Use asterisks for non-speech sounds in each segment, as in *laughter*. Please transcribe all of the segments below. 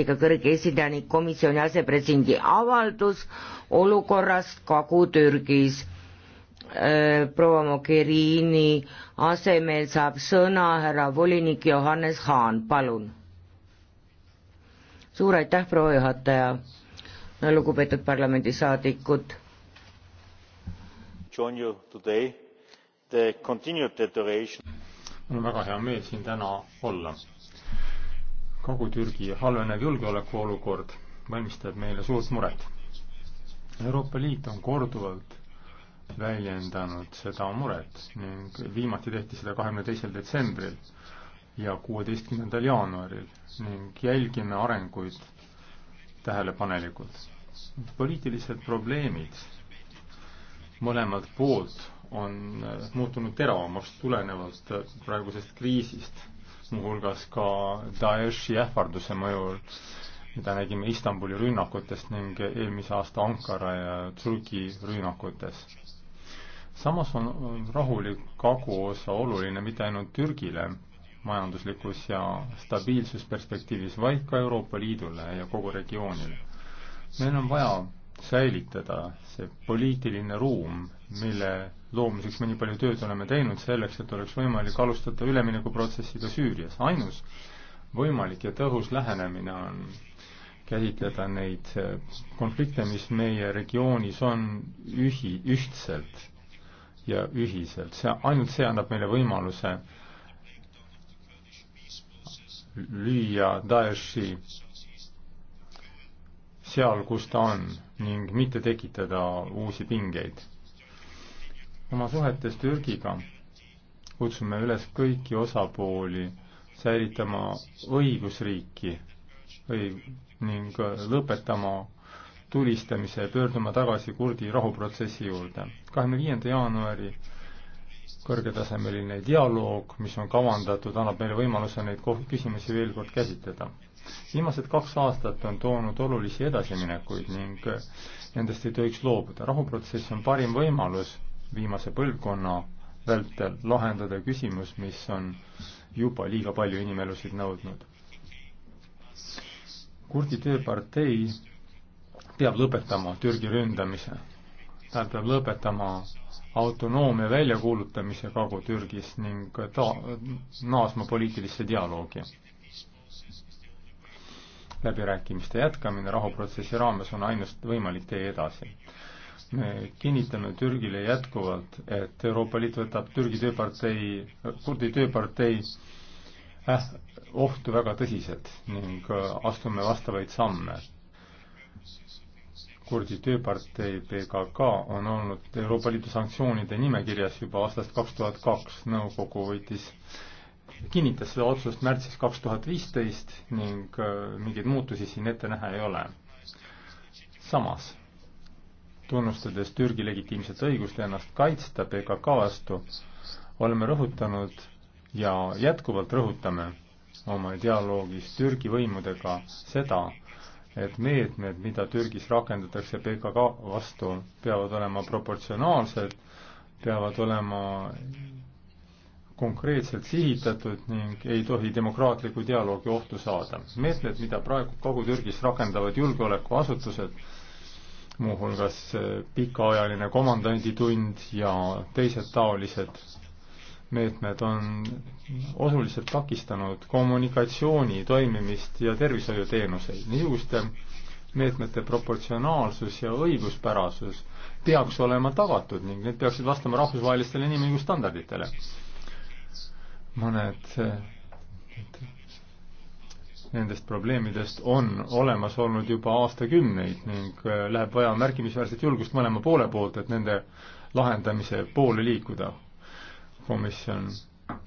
ega kõrge esindajanik komisjoni asepresidendi avaldus olukorrast Kagu-Türgis. Äh, proua Mogherini asemel saab sõna härra volinik Johannes Haan, palun. suur aitäh, proua juhataja, lugupeetud parlamendisaadikud. mul on väga hea meel siin täna olla Kagu-Türgi halvenev julgeolekuolukord valmistab meile suurt muret. Euroopa Liit on korduvalt väljendanud seda muret ning viimati tehti seda kahekümne teisel detsembril ja kuueteistkümnendal jaanuaril ning jälgime arenguid tähelepanelikult. poliitilised probleemid mõlemalt poolt on muutunud teravamaks tulenevalt praegusest kriisist muuhulgas ka Daeshi ähvarduse mõjul, mida nägime Istanbuli rünnakutest ning eelmise aasta Ankara ja Türgi rünnakutes. samas on rahulik kaguosa oluline mitte ainult Türgile majanduslikus ja stabiilsusperspektiivis, vaid ka Euroopa Liidule ja kogu regioonile. meil on vaja säilitada see poliitiline ruum, mille loomiseks mõni palju tööd oleme teinud selleks, et oleks võimalik alustada üleminekuprotsessiga Süürias. ainus võimalik ja tõhus lähenemine on käsitleda neid äh, konflikte, mis meie regioonis on ühi, ühtselt ja ühiselt. see, ainult see annab meile võimaluse lüüa Daeshi seal, kus ta on ning mitte tekitada uusi pingeid oma suhetes Türgiga kutsume üles kõiki osapooli säilitama õigusriiki õig ning lõpetama tulistamise ja pöörduma tagasi kurdi rahuprotsessi juurde. kahekümne viienda jaanuari kõrgetasemeline dialoog, mis on kavandatud, annab meile võimaluse neid küsimusi veel kord käsitleda. viimased kaks aastat on toonud olulisi edasiminekuid ning nendest ei tohiks loobuda. rahuprotsess on parim võimalus viimase põlvkonna vältel lahendada küsimus, mis on juba liiga palju inimelusid nõudnud. kurdi tööpartei peab lõpetama Türgi ründamise. ta peab lõpetama autonoomia väljakuulutamise Kagu-Türgis ning ta-, naasma poliitilisse dialoogi. läbirääkimiste jätkamine rahuprotsessi raames on ainus võimalik tee edasi me kinnitame Türgile jätkuvalt, et Euroopa Liit võtab Türgi tööpartei, kurdi tööpartei äh, ohtu väga tõsiselt ning äh, astume vastavaid samme. kurdi tööpartei PKK on olnud Euroopa Liidu sanktsioonide nimekirjas juba aastast kaks tuhat kaks, nõukogu võitis kinnitas seda otsust märtsis kaks tuhat viisteist ning äh, mingeid muutusi siin ette näha ei ole. samas tunnustades Türgi legitiimset õigust ennast kaitsta PKK vastu, oleme rõhutanud ja jätkuvalt rõhutame oma dialoogis Türgi võimudega seda, et meetmed, mida Türgis rakendatakse PKK vastu, peavad olema proportsionaalsed, peavad olema konkreetselt sihitatud ning ei tohi demokraatliku dialoogi ohtu saada. meetmed, mida praegu Kagu-Türgis rakendavad julgeolekuasutused, muuhulgas eh, pikaajaline komandanditund ja teised taolised meetmed on oluliselt takistanud kommunikatsiooni toimimist ja tervishoiuteenuseid. niisuguste meetmete proportsionaalsus ja õiguspärasus peaks olema tagatud ning need peaksid vastama rahvusvahelistele inimõigusstandarditele. mõned eh, nendest probleemidest on olemas olnud juba aastakümneid ning äh, läheb vaja märkimisväärset julgust mõlema poole poolt, et nende lahendamise poole liikuda. komisjon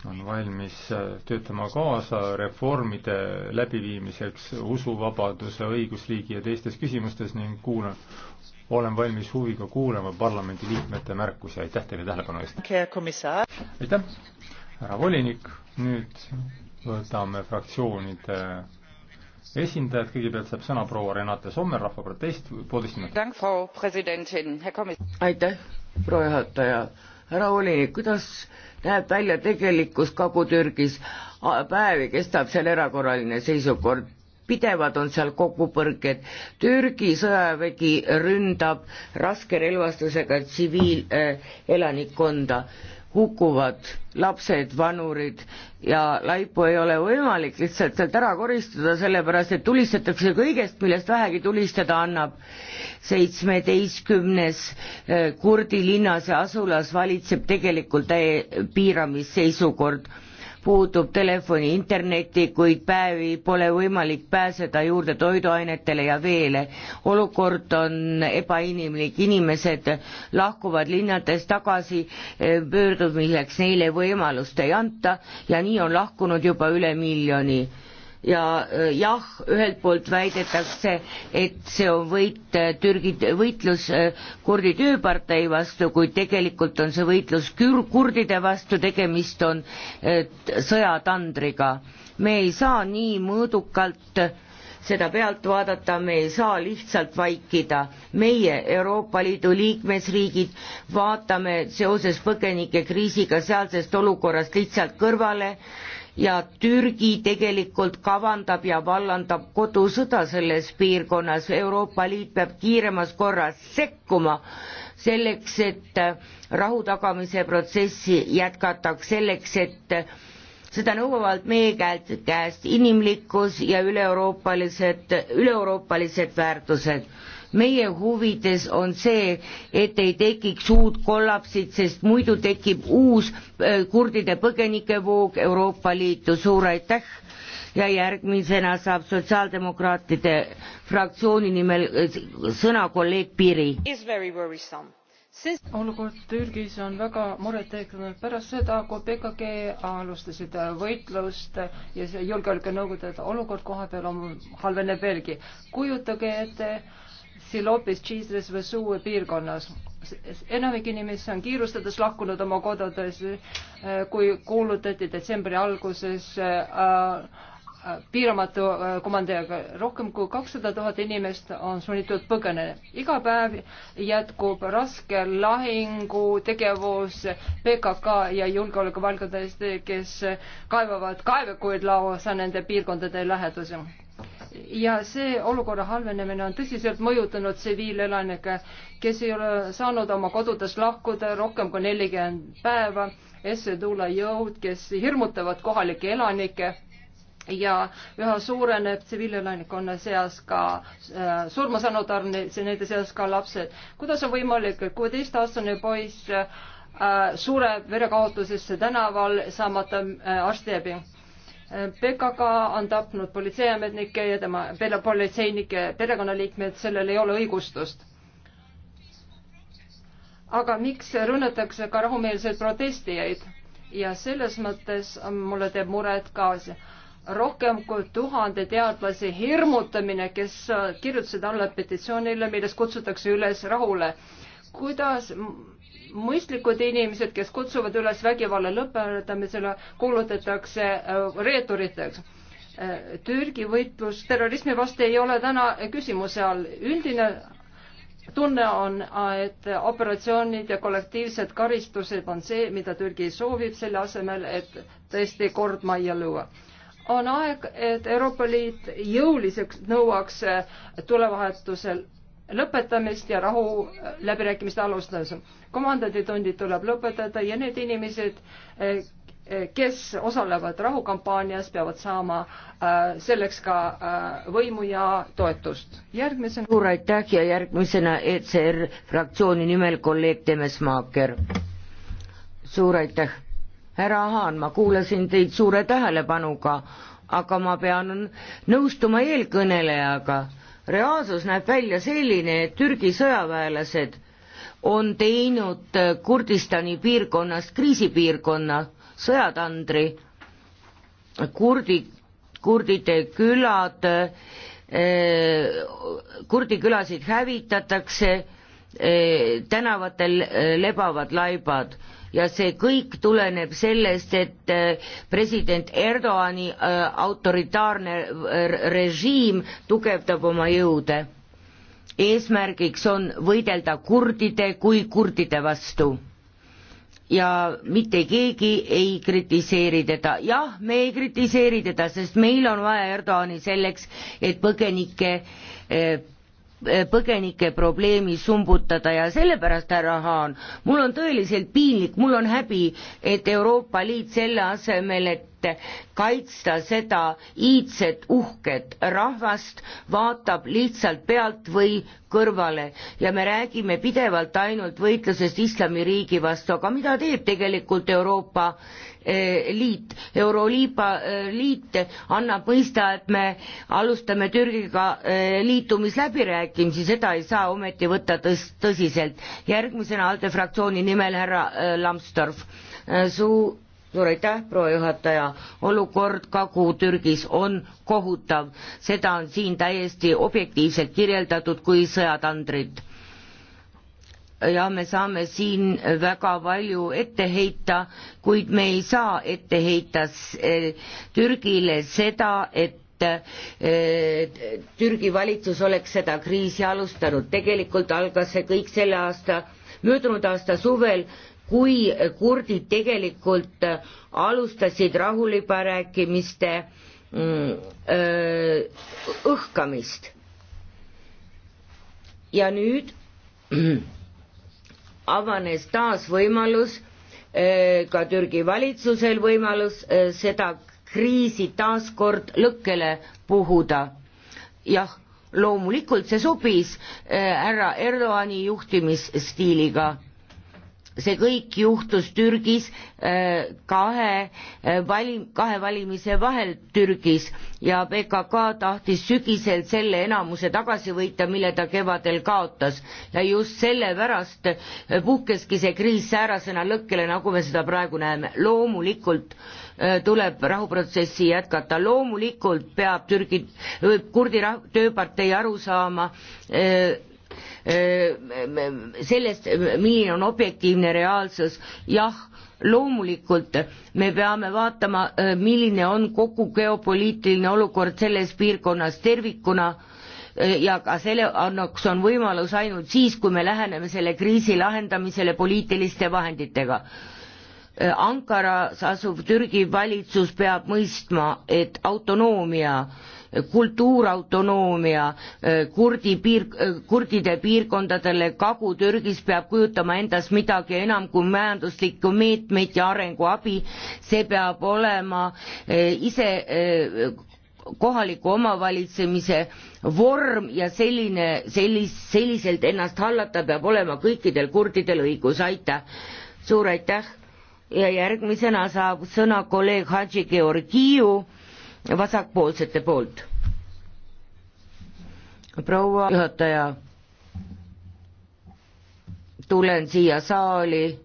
on valmis äh, töötama kaasa reformide läbiviimiseks usuvabaduse, õigusriigi ja teistes küsimustes ning kuulan, olen valmis huviga kuulama parlamendiliikmete märkusi, aitäh teile tähelepanu eest! aitäh, härra volinik, nüüd võtame fraktsioonide esindajad, kõigepealt saab sõna proua Renate Sommer, Rahva Protest, poolteist minutit. aitäh, proua juhataja. härra volinik, kuidas näeb välja tegelikkus Kagu-Türgis? päevi kestab seal erakorraline seisukord, pidevad on seal kokkupõrked, Türgi sõjavägi ründab raskerelvastusega tsiviilelanikkonda äh, hukkuvad lapsed, vanurid ja laipu ei ole võimalik lihtsalt sealt ära koristada, sellepärast et tulistatakse kõigest, millest vähegi tulistada annab. seitsmeteistkümnes eh, kurdi linnas ja asulas valitseb tegelikult piiramisseisukord puudub telefoni, interneti, kuid päevi pole võimalik pääseda juurde toiduainetele ja veele. olukord on ebainimlik, inimesed lahkuvad linnades tagasi, eh, pöördumiseks neile võimalust ei anta ja nii on lahkunud juba üle miljoni ja äh, jah, ühelt poolt väidetakse, et see on võit äh, Türgi, võitlus äh, kurdi tööpartei vastu, kuid tegelikult on see võitlus kür-, kurdide vastu, tegemist on sõjatandriga. me ei saa nii mõõdukalt seda pealt vaadata, me ei saa lihtsalt vaikida. meie, Euroopa Liidu liikmesriigid, vaatame seoses põgenikekriisiga sealsest olukorrast lihtsalt kõrvale ja Türgi tegelikult kavandab ja vallandab kodusõda selles piirkonnas, Euroopa Liit peab kiiremas korras sekkuma selleks, et äh, rahu tagamise protsessi jätkataks, selleks, et äh, seda nõuavad meie käelt, käest inimlikkus ja üleeuroopalised, üleeuroopalised väärtused meie huvides on see, et ei tekiks uut kollapsit, sest muidu tekib uus äh, kurdide põgenikevoog Euroopa Liitu, suur aitäh! ja järgmisena saab sotsiaaldemokraatide fraktsiooni nimel äh, sõna kolleeg Piri. olukord Türgis on väga murettekitav pärast seda, kui PKK alustasid võitlust ja julgeolekunõukogude olukord kohapeal on halveneb veelgi. kujutage ette et Silopis, Chisres või Suue piirkonnas. enamik inimesi on kiirustades lakkunud oma kodudes, eh, kui kuulutati detsembri alguses eh, eh, piiramatu komandeeriga. rohkem kui kakssada tuhat inimest on sunnitud põgenema. iga päev jätkub raske lahingutegevus PKK ja julgeolekuvalgade eest, kes kaevavad kaevikuid lausa nende piirkondade läheduses ja see olukorra halvenemine on tõsiselt mõjutanud tsiviilelanike, kes ei ole saanud oma kodudest lahkuda rohkem kui nelikümmend päeva, Essedula jõud, kes hirmutavad kohalikke elanikke ja üha suureneb tsiviilelanikkonna seas ka äh, surmasaanud arne, nende seas ka lapsed. kuidas on võimalik, et kuueteistaastane poiss äh, sureb verekaotusesse tänaval, saamata äh, arstiabi? PKK on tapnud politseiametnikke ja tema politseinike perekonnaliikmed, sellel ei ole õigustust. aga miks rünnatakse ka rahumeelseid protestijaid ja selles mõttes mulle teeb muret ka see rohkem kui tuhande teadlase hirmutamine, kes kirjutasid alla petitsioonile, milles kutsutakse üles rahule. kuidas mõistlikud inimesed, kes kutsuvad üles vägivalla lõpetamisele, kuulutatakse äh, reeturiteks. Äh, Türgi võitlus terrorismi vastu ei ole täna küsimuse all. üldine tunne on, et operatsioonid ja kollektiivsed karistused on see, mida Türgi soovib, selle asemel, et tõesti kord majja lüüa. on aeg, et Euroopa Liit jõuliseks nõuaks äh, tulevahetusel lõpetamist ja rahu läbirääkimiste alustas. komandanditundid tuleb lõpetada ja need inimesed, eh, kes osalevad rahukampaanias, peavad saama eh, selleks ka eh, võimu ja toetust. järgmisena. suur aitäh ja järgmisena ECR fraktsiooni nimel kolleeg Temesmaaker. suur aitäh. härra Ahan, ma kuulasin teid suure tähelepanuga, aga ma pean nõustuma eelkõnelejaga reaalsus näeb välja selline, et Türgi sõjaväelased on teinud äh, Kurdistani piirkonnast kriisipiirkonna sõjatandri, kurdi, kurdide külad, äh, kurdi külasid hävitatakse, äh, tänavatel lebavad laibad ja see kõik tuleneb sellest, et äh, president Erdoani äh, autoritaarne äh, režiim tugevdab oma jõude. eesmärgiks on võidelda kurdide kui kurdide vastu ja mitte keegi ei kritiseeri teda. jah, me ei kritiseeri teda, sest meil on vaja Erdoani selleks, et põgenikke Eh, põgenike probleemi sumbutada ja sellepärast, härra Haan, mul on tõeliselt piinlik, mul on häbi, et Euroopa Liit selle asemel, et ette kaitsta seda iidset uhket rahvast, vaatab lihtsalt pealt või kõrvale ja me räägime pidevalt ainult võitlusest islamiriigi vastu, aga mida teeb tegelikult Euroopa eh, Liit, Euroliiba eh, Liit annab mõista, et me alustame Türgiga eh, liitumisläbirääkimisi, seda ei saa ometi võtta tõs-, tõsiselt. järgmisena ALDE fraktsiooni nimel härra Lambsdorff, su suur aitäh, proua juhataja, olukord Kagu-Türgis on kohutav, seda on siin täiesti objektiivselt kirjeldatud kui sõjatandrit. ja me saame siin väga palju ette heita, kuid me ei saa ette heita eh, Türgile seda, et et eh, Türgi valitsus oleks seda kriisi alustanud, tegelikult algas see kõik selle aasta, möödunud aasta suvel, kui kurdid tegelikult alustasid rahulibarääkimiste mm, õhkamist. ja nüüd *clears throat* avanes taas võimalus, ka Türgi valitsusel võimalus seda kriisi taas kord lõkkele puhuda. jah, loomulikult see sobis härra Erdoani juhtimisstiiliga see kõik juhtus Türgis äh, kahe äh, valim-, kahe valimise vahel Türgis ja PKK tahtis sügisel selle enamuse tagasi võita, mille ta kevadel kaotas. ja just sellepärast äh, puhkeski see kriis säärasena lõkkele, nagu me seda praegu näeme. loomulikult tuleb rahuprotsessi jätkata, loomulikult peab Türgi, kurdi rah-, tööpartei aru saama sellest, milline on objektiivne reaalsus, jah, loomulikult me peame vaatama, milline on kogu geopoliitiline olukord selles piirkonnas tervikuna ja ka selle annaks on võimalus ainult siis, kui me läheneme selle kriisi lahendamisele poliitiliste vahenditega Ankaras asuv Türgi valitsus peab mõistma, et autonoomia kultuurautonoomia eh, kurdi piir, eh, kurdide piirkondadele Kagu-Türgis peab kujutama endast midagi enam kui majanduslikku meetmeid ja arenguabi, see peab olema eh, ise kohaliku omavalitsemise vorm ja selline, sellis-, selliselt ennast hallata peab olema kõikidel kurdidel õigus, aitäh. suur aitäh ja järgmisena saab sõna kolleeg Hadži Georgiu vasakpoolsete poolt. proua juhataja, tulen siia saali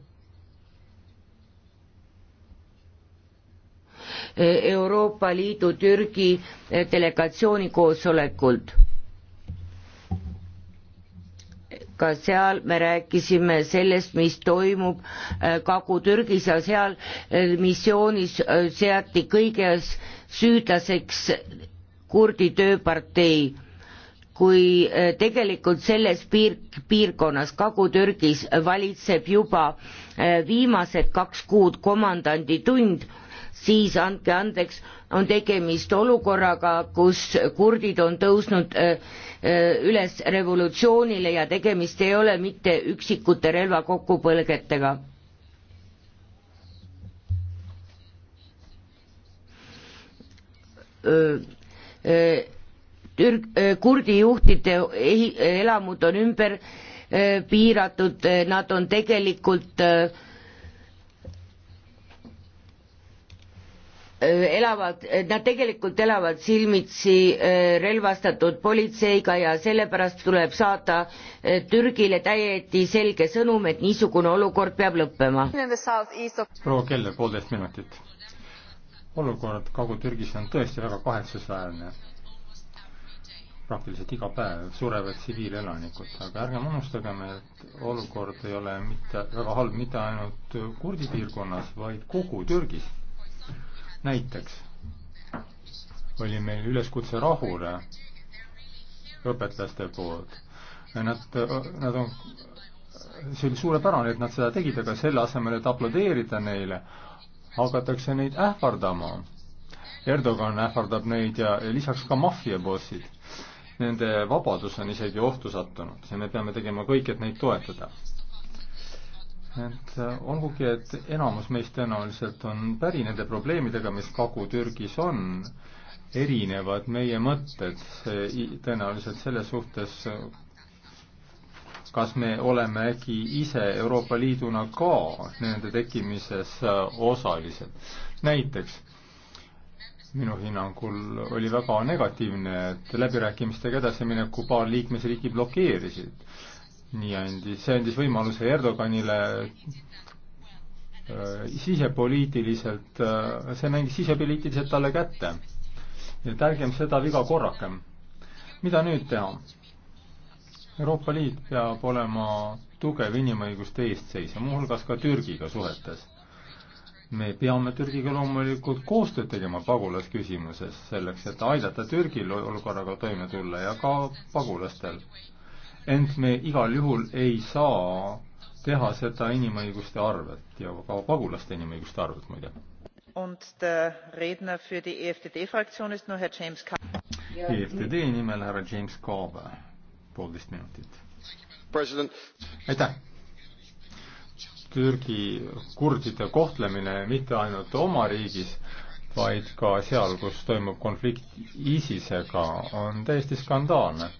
Euroopa Liidu Türgi delegatsiooni koosolekult. ka seal me rääkisime sellest, mis toimub äh, Kagu-Türgis ja seal äh, missioonis äh, seati kõiges süüdlaseks kurdi tööpartei, kui eh, tegelikult selles piir, piirkonnas, Kagu-Türgis, valitseb juba eh, viimased kaks kuud komandanditund, siis andke andeks, on tegemist olukorraga, kus kurdid on tõusnud eh, üles revolutsioonile ja tegemist ei ole mitte üksikute relvakokkupõlgetega Türg-, kurdi juhtide ehi-, elamud on ümber piiratud, nad on tegelikult elavad, nad tegelikult elavad silmitsi relvastatud politseiga ja sellepärast tuleb saata Türgile täieti selge sõnum, et niisugune olukord peab lõppema. proua Keller, poolteist minutit olukord Kagu-Türgis on tõesti väga kahetsusväärne. praktiliselt iga päev surevad tsiviilelanikud, aga ärgem unustagem, et olukord ei ole mitte, väga halb mitte ainult kurdi piirkonnas, vaid kogu Türgis. näiteks oli meil üleskutse rahule õpetlaste poolt. Nad, nad on, see oli suurepärane, et nad seda tegid, aga selle asemel, et aplodeerida neile, hakatakse neid ähvardama. Erdogan ähvardab neid ja lisaks ka maffiabossid. Nende vabadus on isegi ohtu sattunud ja me peame tegema kõik, et neid toetada. et äh, olgugi, et enamus meist tõenäoliselt on päri nende probleemidega, mis Kagu-Türgis on, erinevad meie mõtted tõenäoliselt selles suhtes, kas me oleme äkki ise Euroopa Liiduna ka nende tekkimises äh, osalised. näiteks minu hinnangul oli väga negatiivne, et läbirääkimistega edasimineku paar liikmesriiki blokeerisid. nii andis, see andis võimaluse Erdoganile äh, sisepoliitiliselt, äh, see mängis sisepoliitiliselt talle kätte. nii et ärgem seda viga korrakem. mida nüüd teha? Euroopa Liit peab olema tugev inimõiguste eestseisja, muuhulgas ka Türgiga suhetes. me peame Türgiga loomulikult koostööd tegema pagulasküsimuses, selleks et aidata Türgil olukorraga toime tulla ja ka pagulastel. ent me igal juhul ei saa teha seda inimõiguste arvelt ja ka pagulaste inimõiguste arvelt muide. EFTD e e nimel härra James Carver poolteist minutit. aitäh! Türgi kurdide kohtlemine mitte ainult oma riigis, vaid ka seal, kus toimub konflikt ISISega, on täiesti skandaalne.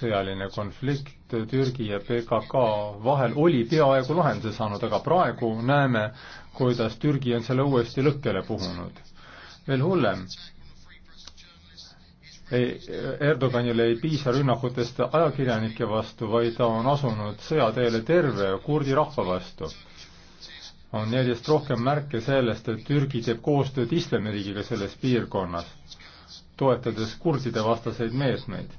sõjaline konflikt Türgi ja PKK vahel oli peaaegu lahenduse saanud, aga praegu näeme, kuidas Türgi on selle uuesti lõkkele puhunud. veel hullem, Erdoganile ei piisa rünnakutest ajakirjanike vastu, vaid ta on asunud sõjateele terve kurdi rahva vastu. on järjest rohkem märke sellest, et Türgi teeb koostööd islamiriigiga selles piirkonnas, toetades kurdide vastaseid meetmeid.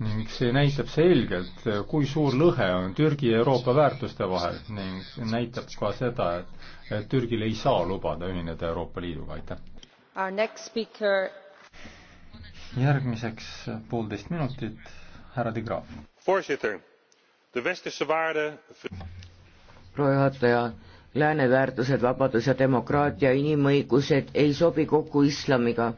ning see näitab selgelt, kui suur lõhe on Türgi ja Euroopa väärtuste vahel ning näitab ka seda, et, et Türgil ei saa lubada ühineda Euroopa Liiduga, aitäh. Our next speaker järgmiseks poolteist minutit, härra De Graaf. proua juhataja, lääne väärtused, vabadus ja demokraatia, inimõigused ei sobi kokku islamiga.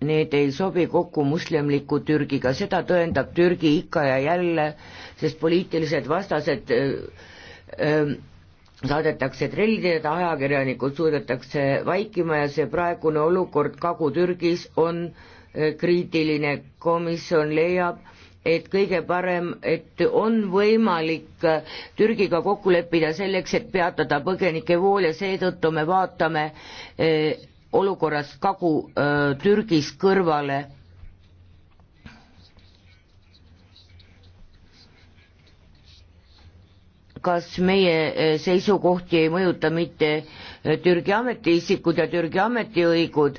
Need ei sobi kokku muslimliku Türgiga, seda tõendab Türgi ikka ja jälle, sest poliitilised vastased öö, äh, öö, äh, saadetakse trellide taha, ajakirjanikud suudetakse vaikima ja see praegune olukord Kagu-Türgis on eh, kriitiline, komisjon leiab, et kõige parem, et on võimalik eh, Türgiga kokku leppida selleks, et peatada põgenike vool ja seetõttu me vaatame eh, olukorrast Kagu-Türgis kõrvale kas meie eh, seisukohti ei mõjuta mitte eh, Türgi ametiisikud ja Türgi ametiõigud,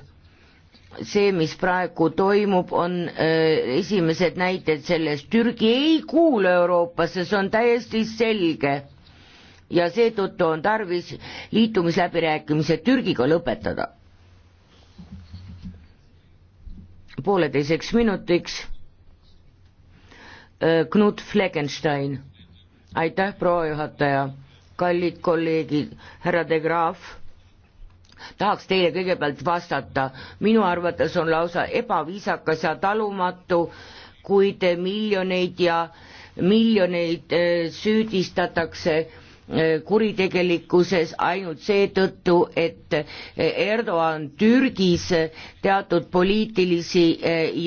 see, mis praegu toimub, on öö, eh, esimesed näited sellest, Türgi ei kuulu Euroopasse, see on täiesti selge. ja seetõttu on tarvis liitumisläbirääkimised Türgiga lõpetada. pooleteiseks minutiks Knut Fleckenstein aitäh, proua juhataja, kallid kolleegid, härra De Graaf tahaks teile kõigepealt vastata, minu arvates on lausa ebaviisakas ja talumatu, kui te miljoneid ja miljoneid äh, süüdistatakse äh, kuritegelikkuses ainult seetõttu, et äh, Erdoğan Türgis teatud poliitilisi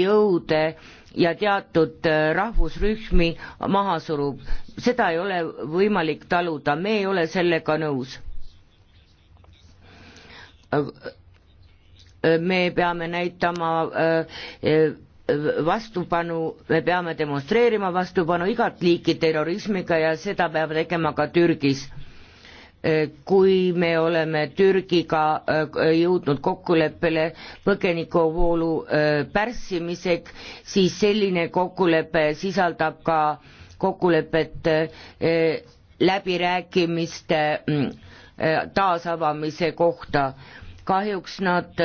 jõude ja teatud äh, rahvusrühmi maha surub. seda ei ole võimalik taluda, me ei ole sellega nõus. Äh, äh, me peame näitama vastupanu, me peame demonstreerima vastupanu igat liiki terrorismiga ja seda peab tegema ka Türgis Äh, kui me oleme Türgiga äh, jõudnud kokkuleppele põgenikuvoolu äh, pärssimiseks, siis selline kokkulepe sisaldab ka kokkulepet läbirääkimiste mm, taasavamise kohta kahjuks nad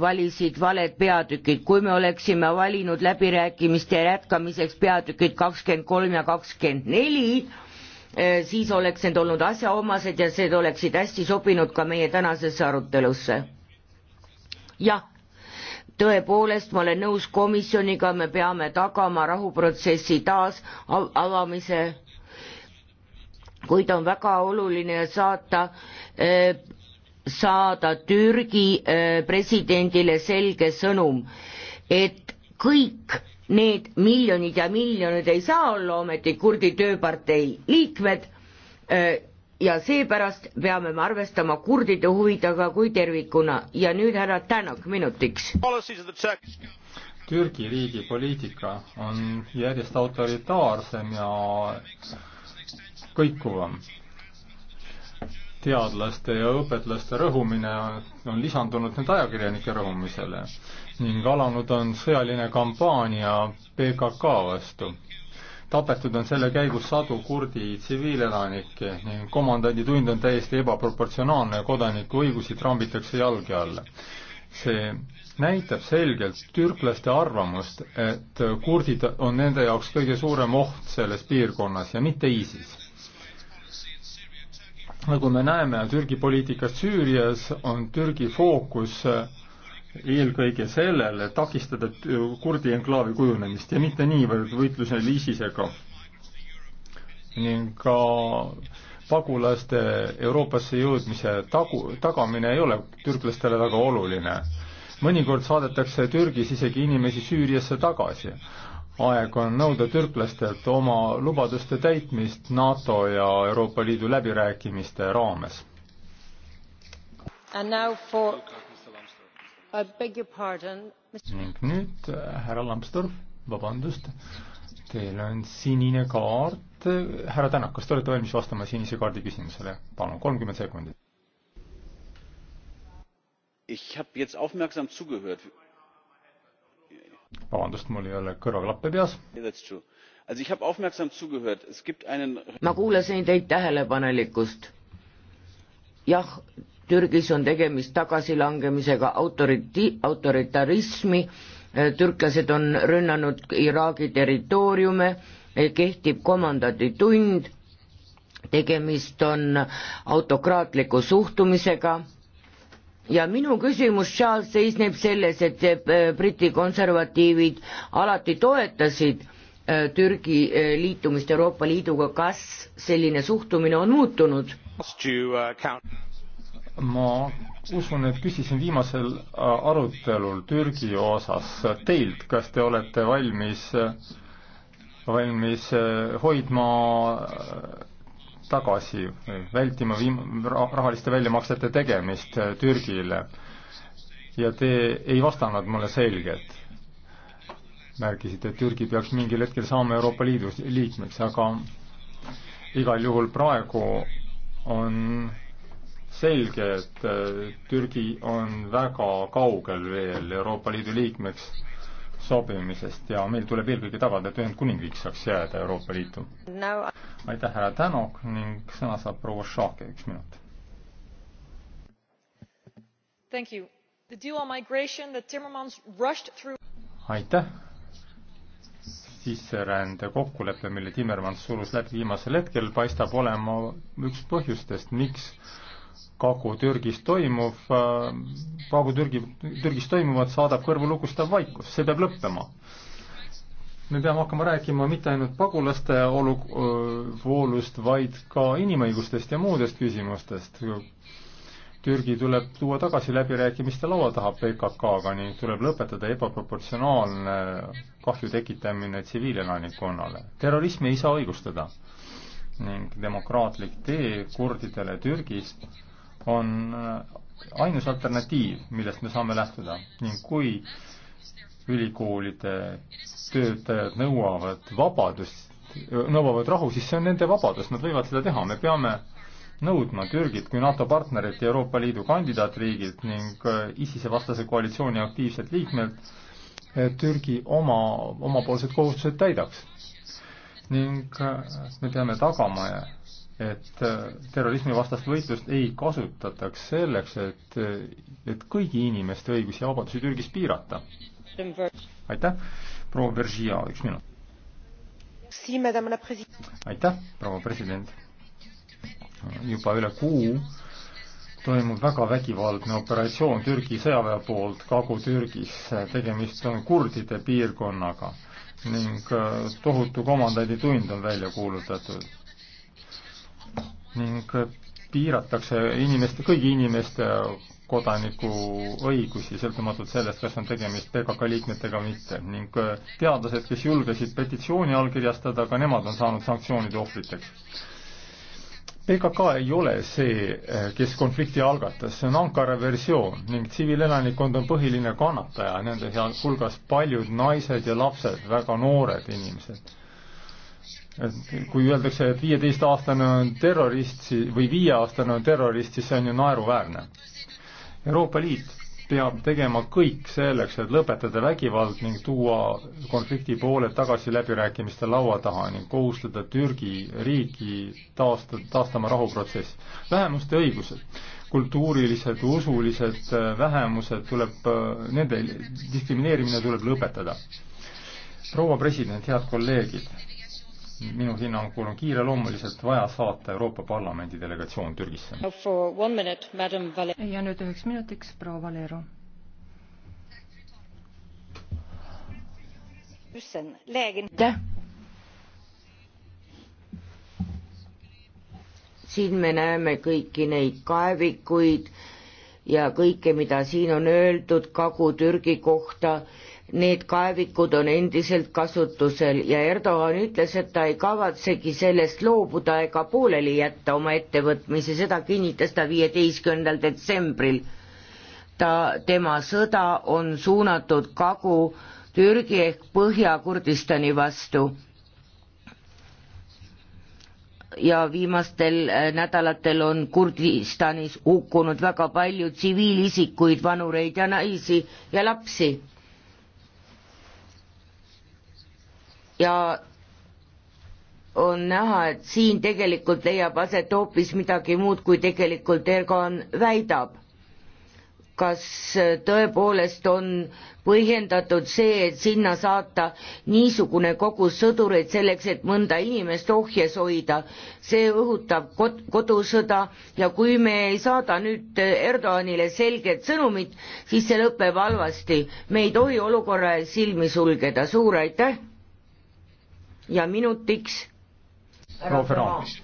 valisid valed peatükid. kui me oleksime valinud läbirääkimiste jätkamiseks peatükid kakskümmend kolm ja kakskümmend neli, Äh, siis oleks need olnud asjaomased ja need oleksid hästi sobinud ka meie tänasesse arutelusse. jah, tõepoolest, ma olen nõus komisjoniga, me peame tagama rahuprotsessi taas avamise, kuid on väga oluline saata äh, saada Türgi äh, presidendile selge sõnum, et kõik need miljonid ja miljonid ei saa olla ometi kurdi tööpartei liikmed äh, ja seepärast peame me arvestama kurdide huvidega kui tervikuna ja nüüd härra Tänak minutiks. Türgi riigi poliitika on järjest autoritaarsem ja kõikuvam. teadlaste ja õpetlaste rõhumine on, on lisandunud nüüd ajakirjanike rõhumisele ning alanud on sõjaline kampaania PKK vastu. tapetud on selle käigus sadu kurdi tsiviilelanikke ning komandanditund on täiesti ebaproportsionaalne ja kodaniku õigusi trambitakse jalge alla. see näitab selgelt türklaste arvamust, et kurdid on nende jaoks kõige suurem oht selles piirkonnas ja mitte ISIS. nagu me näeme Türgi poliitikast Süürias, on Türgi fookus eelkõige sellele, et takistada kurdi enklaavi kujunemist ja mitte niivõrd võitlusel ISISega ning ka pagulaste Euroopasse jõudmise tagu, tagamine ei ole türklastele väga oluline. mõnikord saadetakse Türgis isegi inimesi Süüriasse tagasi. aeg on nõuda türklastelt oma lubaduste täitmist NATO ja Euroopa Liidu läbirääkimiste raames. For ning nüüd äh, härra Lambsdorff, vabandust, teil on sinine kaart. härra Tänak, kas te olete valmis vastama sinise kaardi küsimusele? palun, kolmkümmend sekundit. vabandust, mul ei ole kõrvaklappe peas. ma kuulasin teid tähelepanelikust. jah, Türgis on tegemist tagasilangemisega autoriti-, autoritarismi, türklased on rünnanud Iraagi territooriume, kehtib komandanditund, tegemist on autokraatliku suhtumisega ja minu küsimus, Charles, seisneb selles, et äh, Briti konservatiivid alati toetasid äh, Türgi äh, liitumist Euroopa Liiduga, kas selline suhtumine on muutunud? Uh, ma usun, et küsisin viimasel äh, arutelul Türgi osas teilt, kas te olete valmis, valmis äh, hoidma äh, tagasi, vältima viim-, rahaliste väljamaksete tegemist Türgile. ja te ei vastanud mulle selgelt. märkisite, et Türgi peaks mingil hetkel saama Euroopa Liidu liikmeks, aga igal juhul praegu on selge, et äh, Türgi on väga kaugel veel Euroopa Liidu liikmeks sobimisest ja meil tuleb eelkõige tagada, et Ühendkuningriik saaks jääda Euroopa Liitu no.. aitäh, härra Tänok ning sõna saab proua Šake, üks minut. Through... aitäh, sisserände kokkulepe, mille Timmermans surus läbi viimasel hetkel, paistab olema üks põhjustest, miks Kagu-Türgis toimuv, äh, Kagu-Türgi, Türgis toimuvat saadab kõrvulukustav vaikus, see peab lõppema. me peame hakkama rääkima mitte ainult pagulaste olu-, äh, voolust, vaid ka inimõigustest ja muudest küsimustest. Türgi tuleb tuua tagasi läbirääkimiste laua taha PKK-ga ning tuleb lõpetada ebaproportsionaalne kahju tekitamine tsiviilelanikkonnale. terrorismi ei saa õigustada ning demokraatlik tee kurdidele Türgis on äh, ainus alternatiiv, millest me saame lähtuda ning kui ülikoolide töötajad nõuavad vabadust, äh, nõuavad rahu, siis see on nende vabadus, nad võivad seda teha, me peame nõudma Türgilt kui NATO partnerilt ja Euroopa Liidu kandidaatriigilt ning äh, ISISe vastase koalitsiooni aktiivselt liikmelt, et Türgi oma, omapoolsed kohustused täidaks. ning me peame tagama et äh, terrorismivastast võitlust ei kasutataks selleks, et, et kõigi inimeste õigusi ja vabadusi Türgis piirata. aitäh, proua Veržia, üks minut. aitäh, proua president. juba üle kuu toimub väga vägivaldne operatsioon Türgi sõjaväe poolt Kagu-Türgis, tegemist on kurdide piirkonnaga ning äh, tohutu komandanditund on välja kuulutatud ning piiratakse inimeste, kõigi inimeste kodaniku õigusi, sõltumatult sellest, kas on tegemist PKK liikmetega või mitte. ning äh, teadlased, kes julgesid petitsiooni allkirjastada, ka nemad on saanud sanktsioonide ohvriteks. PKK ei ole see, äh, kes konflikti algatas, see on Ankara versioon ning tsiviilelanikkond on põhiline kannataja, nende hulgas paljud naised ja lapsed, väga noored inimesed et kui öeldakse, et viieteistaastane on terrorist või viieaastane on terrorist, siis see on ju naeruväärne. Euroopa Liit peab tegema kõik selleks, et lõpetada vägivald ning tuua konflikti pooled tagasi läbirääkimiste laua taha ning kohustada Türgi riiki taasta, taastama rahuprotsess. vähemuste õigused, kultuurilised, usulised äh, vähemused tuleb, äh, nende diskrimineerimine tuleb lõpetada. proua president, head kolleegid, minu hinnangul on kiireloomuliselt vaja saata Euroopa Parlamendi delegatsioon Türgisse. ja nüüd üheks minutiks proua Valero. aitäh. siin me näeme kõiki neid kaevikuid ja kõike, mida siin on öeldud Kagu-Türgi kohta need kaevikud on endiselt kasutusel ja Erdogan ütles, et ta ei kavatsegi sellest loobuda ega pooleli jätta oma ettevõtmisi, seda kinnitas ta viieteistkümnendal detsembril. ta, tema sõda on suunatud Kagu-Türgi ehk Põhja-Kurdistani vastu. ja viimastel äh, nädalatel on Kurdistanis hukkunud väga palju tsiviilisikuid, vanureid ja naisi ja lapsi ja on näha, et siin tegelikult leiab aset hoopis midagi muud, kui tegelikult Ergon väidab. kas tõepoolest on põhjendatud see, et sinna saata niisugune kogus sõdureid selleks, et mõnda inimest ohjes hoida, see õhutab kod-, kodusõda ja kui me ei saada nüüd Erdoganile selget sõnumit, siis see lõpeb halvasti. me ei tohi olukorra ees silmi sulgeda, suur aitäh! ja minutiks proua Ferrandis.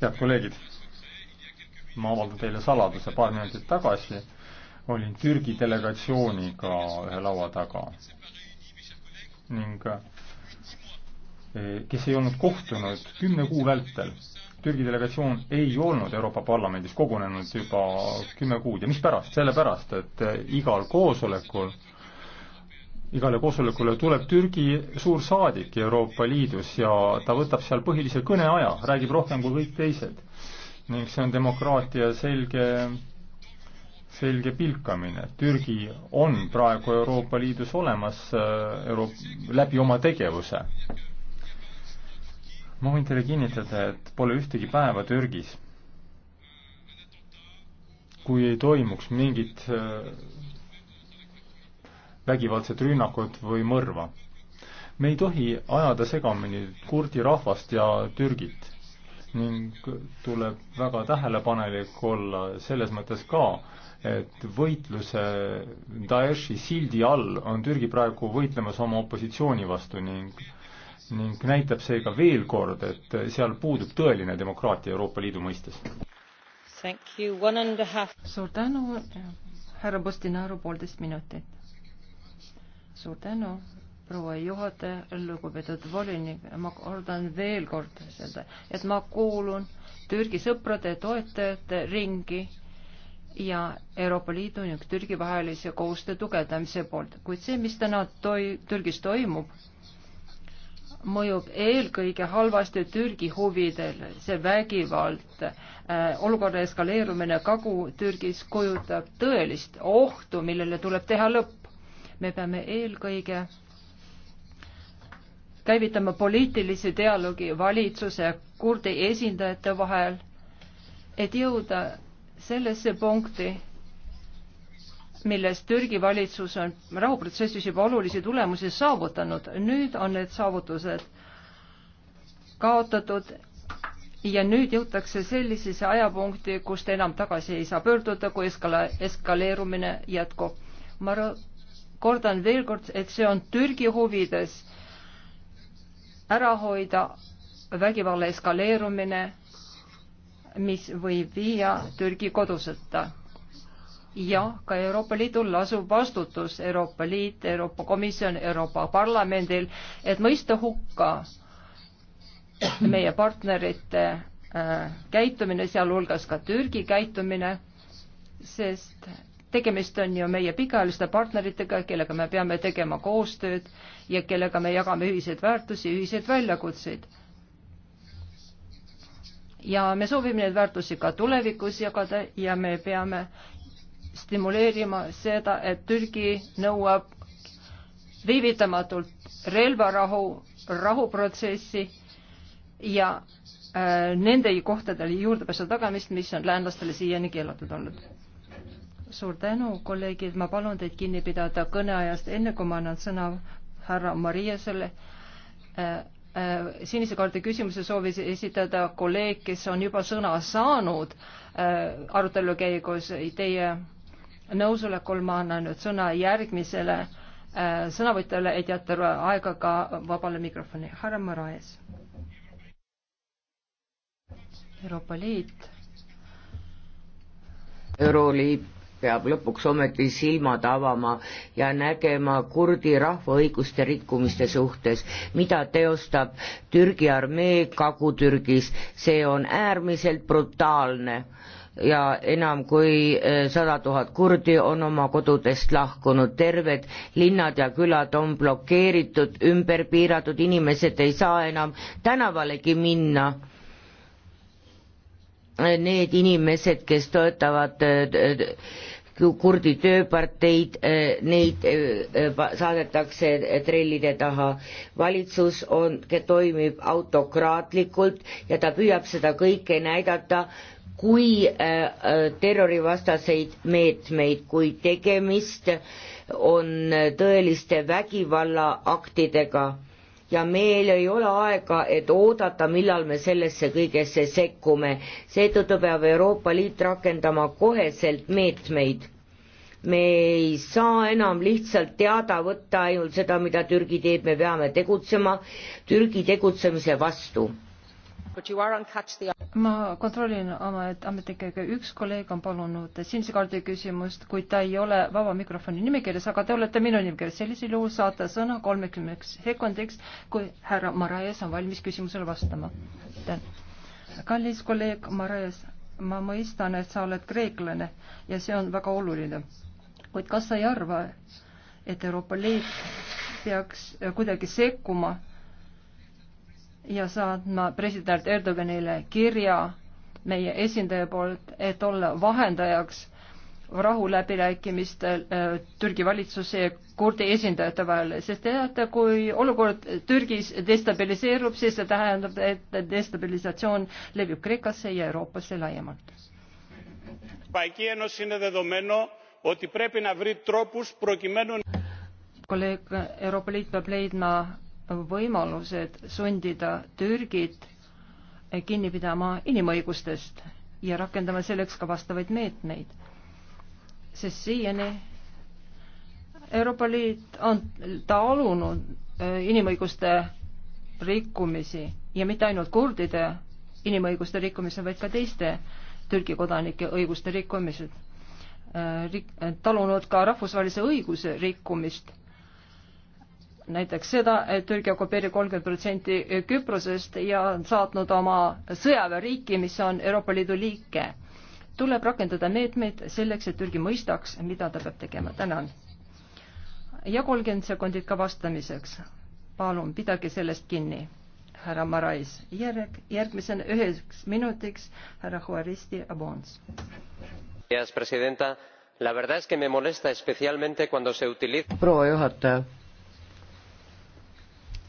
head kolleegid, ma avaldan teile saladuse, paar minutit tagasi olin Türgi delegatsiooniga ühe laua taga ning eh, kes ei olnud kohtunud kümne kuu vältel. Türgi delegatsioon ei olnud Euroopa Parlamendis kogunenud juba kümme kuud ja mispärast, sellepärast, et eh, igal koosolekul äh, igale koosolekule tuleb Türgi suursaadik Euroopa Liidus ja ta võtab seal põhilise kõneaja, räägib rohkem kui kõik teised. ning see on demokraatia selge, selge pilkamine. Türgi on praegu Euroopa Liidus olemas äh, Euroop-, läbi oma tegevuse. ma võin teile kinnitada, et pole ühtegi päeva Türgis, kui ei toimuks mingit äh, vägivaldset rünnakut või mõrva. me ei tohi ajada segamini kurdi rahvast ja Türgit ning tuleb väga tähelepanelik olla selles mõttes ka, et võitluse Daeshi sildi all on Türgi praegu võitlemas oma opositsiooni vastu ning ning näitab seega veel kord, et seal puudub tõeline demokraatia Euroopa Liidu mõistes. suur tänu, härra Postinaru, poolteist minutit suur tänu, proua juhataja, lugupeetud volinik, ma kordan veel kord seda, et ma kuulun Türgi sõprade ja toetajate ringi ja Euroopa Liidu ning Türgi vahelise koostöö tugevdamise poolt, kuid see, mis täna toi-, Türgis toimub, mõjub eelkõige halvasti Türgi huvidel, see vägivald äh,, olukorra eskaleerumine Kagu-Türgis kujutab tõelist ohtu, millele tuleb teha lõpp me peame eelkõige käivitama poliitilise dialoogi valitsuse ja kurdi esindajate vahel, et jõuda sellesse punkti, milles Türgi valitsus on rahuprotsessis juba olulisi tulemusi saavutanud. nüüd on need saavutused kaotatud ja nüüd jõutakse sellisesse ajapunkti, kust enam tagasi ei saa pöörduda, kui eskala-, eskaleerumine jätkub. Maro-, kordan veel kord, et see on Türgi huvides ära hoida vägivalla eskaleerumine, mis võib viia Türgi kodusõtta. ja ka Euroopa Liidul lasub vastutus, Euroopa Liit, Euroopa Komisjon, Euroopa Parlamendil, et mõista hukka meie partnerite äh, käitumine, sealhulgas ka Türgi käitumine, sest tegemist on ju meie pikaajaliste partneritega, kellega me peame tegema koostööd ja kellega me jagame ühiseid väärtusi, ühiseid väljakutseid. ja me soovime neid väärtusi ka tulevikus jagada ja me peame stimuleerima seda, et Türgi nõuab viivitamatult relvarahu, rahuprotsessi ja äh, nende kohtadele juurdepääsu tagamist, mis on läänlastele siiani keelatud olnud suur tänu, kolleegid, ma palun teid kinni pidada kõneajast, enne kui ma annan sõna härra Mariasele äh, äh, sinise kaardi küsimuse soovis esitada kolleeg, kes on juba sõna saanud äh, arutelu käigus. Teie nõusolekul ma annan nüüd sõna järgmisele äh, sõnavõtjale, et jätta aega ka vabale mikrofoni. härra Moraes. Euroopa Liit. euroliit peab lõpuks ometi silmad avama ja nägema kurdi rahvaõiguste rikkumiste suhtes, mida teostab Türgi armee Kagu-Türgis, see on äärmiselt brutaalne ja enam kui eh, sada tuhat kurdi on oma kodudest lahkunud, terved linnad ja külad on blokeeritud, ümber piiratud, inimesed ei saa enam tänavalegi minna need inimesed, kes toetavad äh, äh, kurdi tööparteid, äh, neid saadetakse trellide taha. valitsus on, toimib autokraatlikult ja ta püüab seda kõike näidata kui terrorivastaseid meetmeid, kui tegemist on tõeliste vägivallaaktidega ja meil ei ole aega, et oodata, millal me sellesse kõigesse sekkume. seetõttu peab Euroopa Liit rakendama koheselt meetmeid. me ei saa enam lihtsalt teada võtta ainult seda, mida Türgi teeb, me peame tegutsema Türgi tegutsemise vastu ma kontrollin oma ametnikega, üks kolleeg on palunud sinise kaardi küsimust, kuid ta ei ole vaba mikrofoni nimekirjas, aga te olete minu nimekirjas, sellisel juhul saate sõna kolmekümneks sekundiks, kui härra Marajas on valmis küsimusele vastama. kallis kolleeg Marajas, ma mõistan, et sa oled kreeklane ja see on väga oluline, kuid kas sa ei arva, et Euroopa Liit peaks kuidagi sekkuma ja saatma president Erdoganile kirja meie esindaja poolt, et olla vahendajaks rahuläbirääkimistel äh, Türgi valitsuse ja kurdi esindajate vahel, sest teate, kui olukord Türgis destabiliseerub, siis see tähendab, et destabilisatsioon levib Kreekasse ja Euroopasse laiemalt. kolleeg, Euroopa Liit peab leidma võimalused sundida Türgit kinni pidama inimõigustest ja rakendama selleks ka vastavaid meetmeid. sest siiani Euroopa Liit on taalunud äh, inimõiguste rikkumisi ja mitte ainult kurdide inimõiguste rikkumised, vaid ka teiste Türgi kodanike õiguste rikkumised äh, rik-, talunud ka rahvusvahelise õiguse rikkumist näiteks seda, et Türgi okupeerib kolmkümmend protsenti Küprosest ja on saatnud oma sõjaväeriiki, mis on Euroopa Liidu liike. tuleb rakendada meetmeid selleks, et Türgi mõistaks, mida ta peab tegema. tänan. ja kolmkümmend sekundit ka vastamiseks. palun, pidage sellest kinni, härra Marais. järg, järgmisena üheks minutiks härra Juaristi Abons. proua juhataja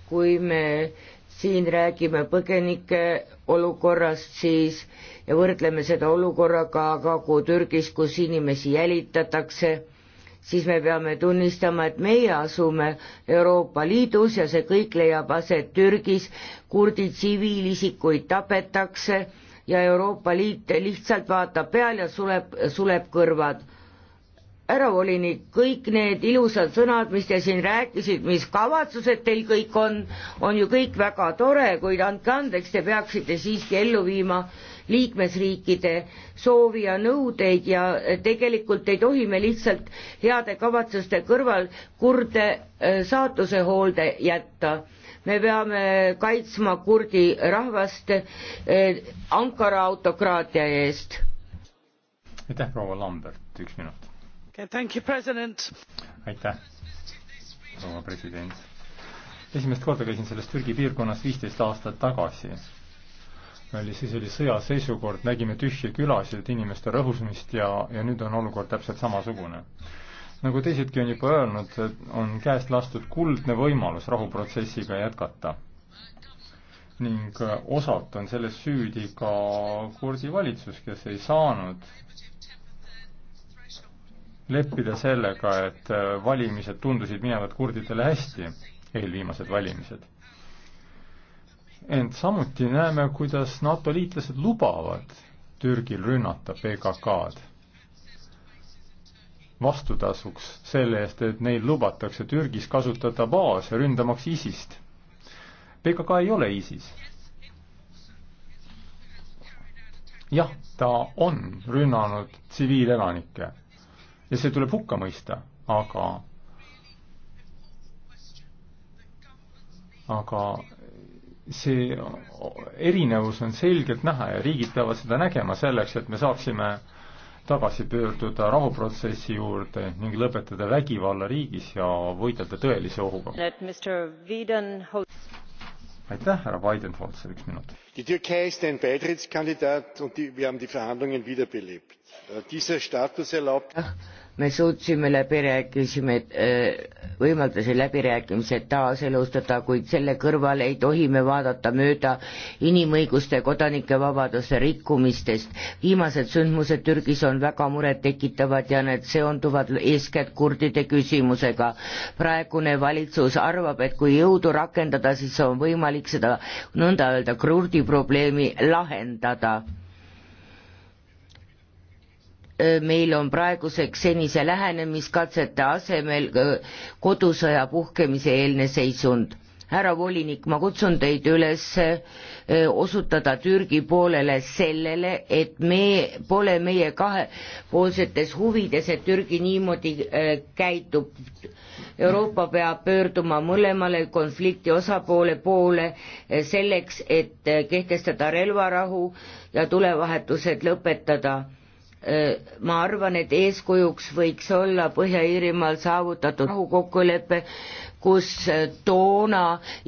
kui me siin räägime põgenike olukorrast, siis ja võrdleme seda olukorraga Kagu-Türgis, kus inimesi jälitatakse, siis me peame tunnistama, et meie asume Euroopa Liidus ja see kõik leiab aset Türgis, kurdi tsiviilisikuid tapetakse ja Euroopa Liit lihtsalt vaatab peal ja suleb, suleb kõrvad härra volinik, kõik need ilusad sõnad, mis te siin rääkisite, mis kavatsused teil kõik on, on ju kõik väga tore, kuid andke andeks, te peaksite siiski ellu viima liikmesriikide soovi ja nõudeid ja tegelikult ei tohi me lihtsalt heade kavatsuste kõrval kurde äh, saatuse hoolde jätta. me peame kaitsma kurdi rahvast äh, Ankara autokraatia eest. aitäh, proua Lambert, üks minut aitäh, proua president. esimest korda käisin selles Türgi piirkonnas viisteist aastat tagasi. oli, siis oli sõjaseisukord, nägime tühje külasid, inimeste rõhusmist ja, ja nüüd on olukord täpselt samasugune. nagu teisedki on juba öelnud, on käest lastud kuldne võimalus rahuprotsessiga jätkata ning osalt on selles süüdi ka kurdi valitsus, kes ei saanud leppida sellega, et äh, valimised tundusid minevat kurdidele hästi, eelviimased valimised. ent samuti näeme, kuidas NATO liitlased lubavad Türgil rünnata PKK-d vastutasuks selle eest, et neil lubatakse Türgis kasutada baase ründamaks ISIS-t. PKK ei ole ISIS. jah, ta on rünnanud tsiviilelanikke ja see tuleb hukka mõista, aga aga see erinevus on selgelt näha ja riigid peavad seda nägema selleks, et me saaksime tagasi pöörduda rahuprotsessi juurde ning lõpetada vägivalla riigis ja võidelda tõelise ohuga. aitäh, härra Weidenholzer, üks minut. Äh, me suutsime läbirääkimisi, äh, võimaldasi läbirääkimised taaselustada, kuid selle kõrval ei tohi me vaadata mööda inimõiguste, kodanike vabaduse rikkumistest. viimased sündmused Türgis on väga murettekitavad ja need seonduvad eeskätt kurdide küsimusega. praegune valitsus arvab, et kui jõudu rakendada, siis on võimalik seda nõnda öelda kurdi probleemi lahendada meil on praeguseks senise lähenemiskatsete asemel kodusõja puhkemise eelne seisund. härra volinik, ma kutsun teid üles osutada Türgi poolele sellele, et me pole meie kahepoolsetes huvides, et Türgi niimoodi käitub. Euroopa peab pöörduma mõlemale konflikti osapoole poole selleks, et kehtestada relvarahu ja tulevahetused lõpetada Äh, ma arvan, et eeskujuks võiks olla Põhja-Iirimaal saavutatud rahukokkulepe, kus äh, toona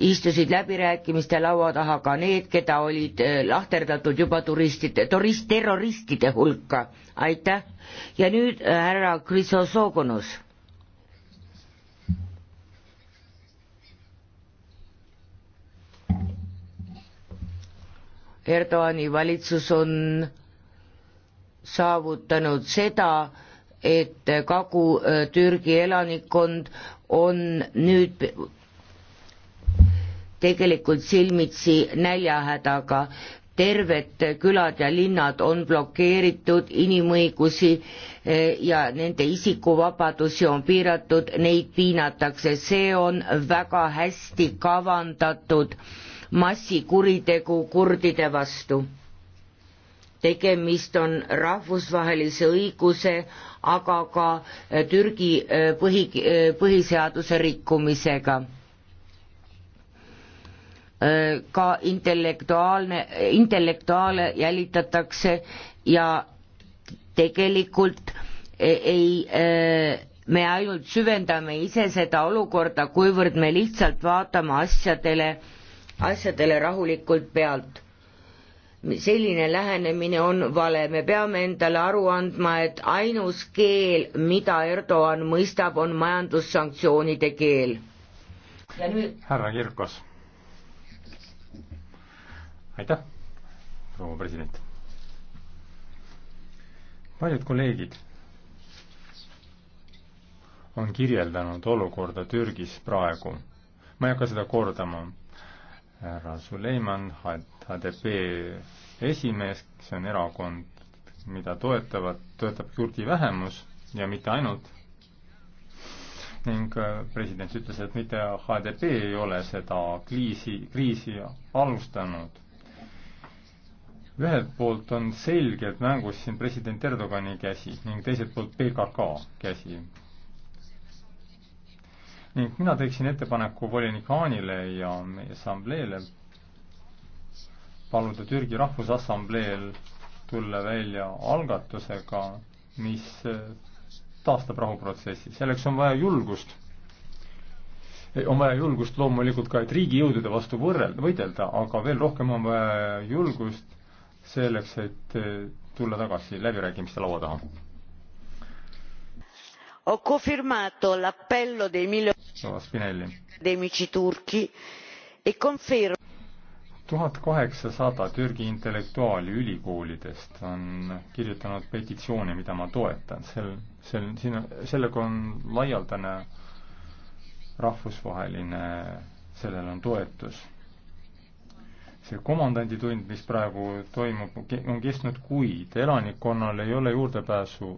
istusid läbirääkimiste laua taha ka need, keda olid äh, lahterdatud juba turistide, turist, terroristide hulka. aitäh. ja nüüd härra Krisosogonus. Erdoani valitsus on saavutanud seda, et Kagu-Türgi elanikkond on nüüd tegelikult silmitsi näljahädaga. terved külad ja linnad on blokeeritud, inimõigusi eh, ja nende isikuvabadusi on piiratud, neid piinatakse, see on väga hästi kavandatud massikuritegu kurdide vastu tegemist on rahvusvahelise õiguse, aga ka eh, Türgi eh, põhi, eh, põhiseaduse rikkumisega. ka intellektuaalne, intellektuaale jälitatakse ja tegelikult ei, me ainult süvendame ise seda olukorda, kuivõrd me lihtsalt vaatame asjadele, asjadele rahulikult pealt selline lähenemine on vale, me peame endale aru andma, et ainus keel, mida Erdoğan mõistab, on majandussanktsioonide keel. ja nüüd härra Kirkos. aitäh, proua president. paljud kolleegid on kirjeldanud olukorda Türgis praegu. ma ei hakka seda kordama härra Suleiman, HDP esimees, see on erakond, mida toetavad, toetab kurdi vähemus ja mitte ainult, ning äh, president ütles, et mitte HDP ei ole seda kriisi, kriisi alustanud. ühelt poolt on selgelt mängus siin president Erdogani käsi ning teiselt poolt PKK käsi ning mina teeksin ettepaneku volinik Haanile ja meie assambleele paluda Türgi Rahvusassambleel tulla välja algatusega, mis taastab rahuprotsessi, selleks on vaja julgust. on vaja julgust loomulikult ka, et riigijõudude vastu võrrelda, võidelda, aga veel rohkem on vaja julgust selleks, et tulla tagasi läbirääkimiste laua taha ho cofirmato l'appello dei mille akadeemici turchi e confermo tuhat kaheksasada Türgi intellektuaali ülikoolidest on kirjutanud petitsiooni, mida ma toetan. sel, sel, siin, sellega on laialdane rahvusvaheline, sellel on toetus. see komandanditund, mis praegu toimub, on kestnud kuid, elanikkonnal ei ole juurdepääsu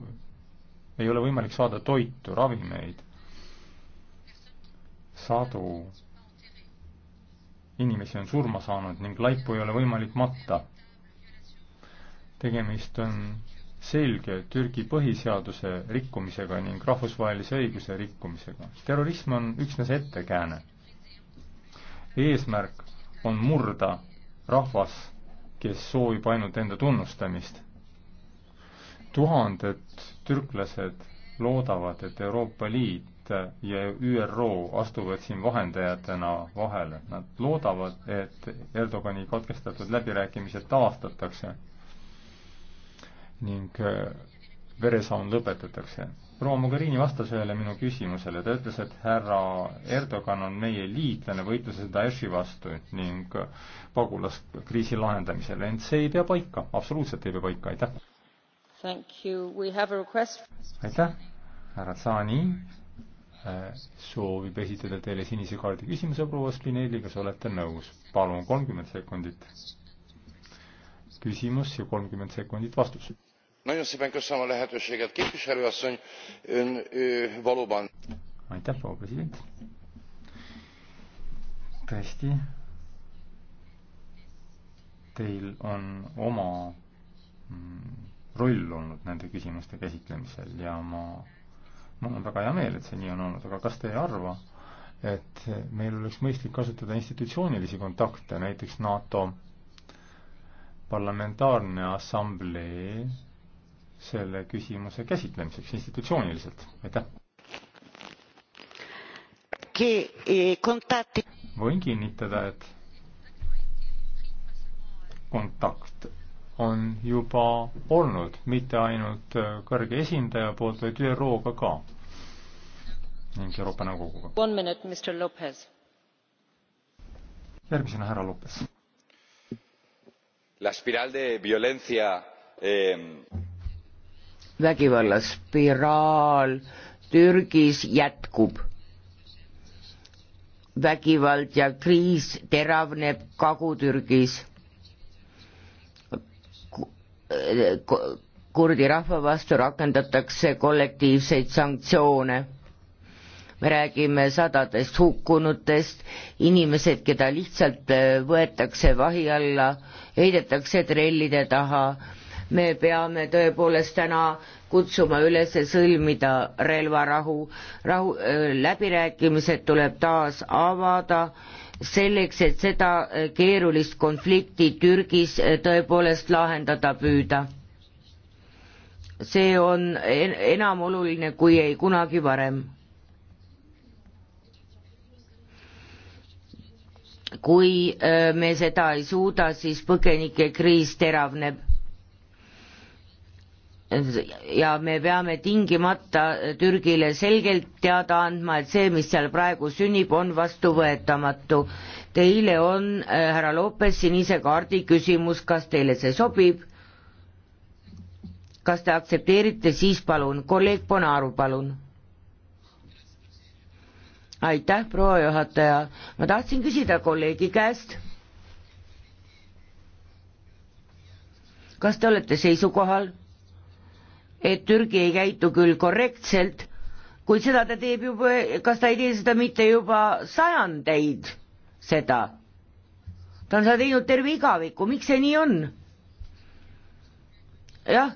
ei ole võimalik saada toitu, ravimeid, sadu inimesi on surma saanud ning laipu ei ole võimalik matta. tegemist on selge Türgi põhiseaduse rikkumisega ning rahvusvahelise õiguse rikkumisega. terrorism on üksnes ettekääne. eesmärk on murda rahvas, kes soovib ainult enda tunnustamist. tuhanded türklased loodavad, et Euroopa Liit ja ÜRO astuvad siin vahendajatena vahele. Nad loodavad, et Erdogani katkestatud läbirääkimised taastatakse ning äh, veresaun lõpetatakse. proua Mogherini vastas ühele minu küsimusele, ta ütles, et härra Erdogan on meie liitlane võitluses Daeshi vastu ning äh, pagulaskriisi lahendamisel, ent see ei pea paika, absoluutselt ei pea paika, aitäh! aitäh, härra Tsaani äh, soovib esitada teile sinise kaardi küsimuse, proua Spinelli, kas olete nõus? palun, kolmkümmend sekundit küsimus ja kolmkümmend sekundit vastus. aitäh, proua president. tõesti, teil on oma mm, roll olnud nende küsimuste käsitlemisel ja ma, mul on väga hea meel, et see nii on olnud, aga kas te ei arva, et meil oleks mõistlik kasutada institutsioonilisi kontakte, näiteks NATO parlamentaarne assamblee selle küsimuse käsitlemiseks institutsiooniliselt, aitäh! Eh, võin kinnitada, et kontakt on juba olnud, mitte ainult äh, kõrge esindaja poolt, vaid ÜRO-ga ka ning Euroopa Nõukoguga. järgmisena härra Lopes. La espiral de violencia eh... vägivallaspiraal Türgis jätkub vägivald ja kriis teravneb Kagu-Türgis kurdi rahva vastu rakendatakse kollektiivseid sanktsioone. me räägime sadadest hukkunutest, inimesed, keda lihtsalt äh, võetakse vahi alla, heidetakse trellide taha, me peame tõepoolest täna kutsuma üles sõlmida relvarahu, rahu, äh, läbirääkimised tuleb taas avada selleks, et seda eh, keerulist konflikti Türgis eh, tõepoolest lahendada püüda. see on enam oluline kui ei kunagi varem. kui eh, me seda ei suuda, siis põgenikekriis teravneb ja me peame tingimata Türgile selgelt teada andma, et see, mis seal praegu sünnib, on vastuvõetamatu. Teile on äh, härra Lopes sinise kaardi küsimus, kas teile see sobib? kas te aktsepteerite, siis palun, kolleeg Bonaru, palun. aitäh, proua juhataja, ma tahtsin küsida kolleegi käest. kas te olete seisukohal? et Türgi ei käitu küll korrektselt, kuid seda ta teeb juba, kas ta ei tee seda mitte juba sajandeid, seda. ta on seda teinud terve igaviku, miks see nii on? jah,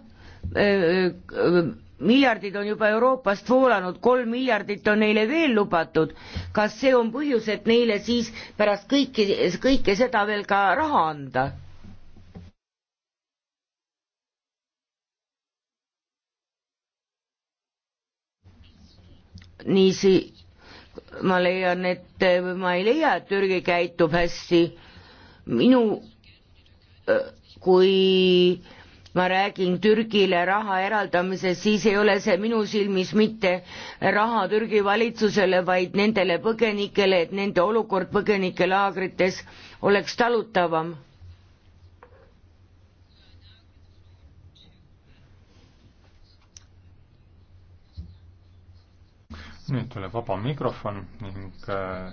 äh, äh, miljardid on juba Euroopast voolanud, kolm miljardit on neile veel lubatud, kas see on põhjus, et neile siis pärast kõiki, kõike seda veel ka raha anda? niisi ma leian, et äh, ma ei leia, et Türgi käitub hästi. minu, äh, kui ma räägin Türgile raha eraldamisest, siis ei ole see minu silmis mitte raha Türgi valitsusele, vaid nendele põgenikele, et nende olukord põgenikelaagrites oleks talutavam nüüd tuleb vaba mikrofon ning äh,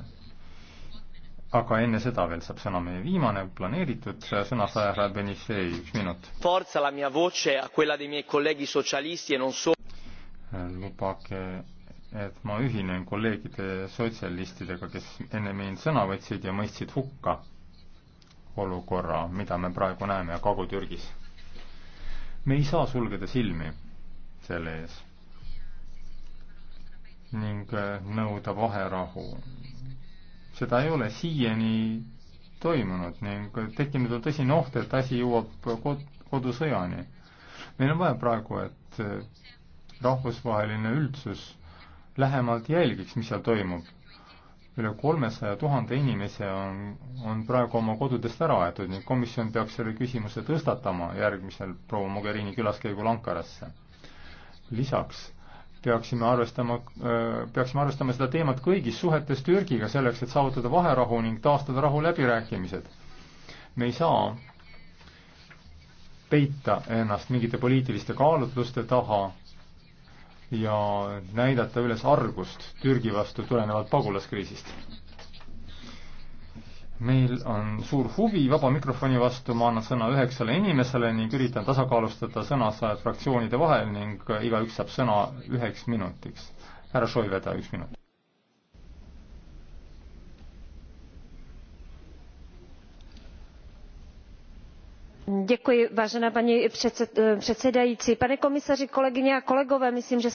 aga enne seda veel saab sõna meie viimane planeeritud sõnasaaja härra Benifei, üks minut. E äh, lubage, et ma ühinen kolleegide sotsialistidega, kes enne mind sõna võtsid ja mõistsid hukka olukorra, mida me praegu näeme Kagu-Türgis. me ei saa sulgeda silmi selle ees ning äh, nõuda vaherahu. seda ei ole siiani toimunud ning tekkinud on tõsine oht, et asi jõuab kod-, kodusõjani. meil on vaja praegu, et äh, rahvusvaheline üldsus lähemalt jälgiks, mis seal toimub. üle kolmesaja tuhande inimese on, on praegu oma kodudest ära aetud ning komisjon peaks selle küsimuse tõstatama järgmisel proua Mogherini külaskäigul Ankarasse. lisaks peaksime arvestama, äh, peaksime arvestama seda teemat kõigis suhetes Türgiga, selleks et saavutada vaherahu ning taastada rahuläbirääkimised. me ei saa peita ennast mingite poliitiliste kaalutluste taha ja näidata üles argust Türgi vastu tulenevalt pagulaskriisist meil on suur huvi vaba mikrofoni vastu, ma annan sõna üheksale inimesele ning üritan tasakaalustada sõnasaajad fraktsioonide vahel ning igaüks saab sõna üheks minutiks. härra Šoiveda, üks minut. Děkuji, vážená paní předsed, předsedající. Pane komisaři, kolegyně a kolegové, myslím, že...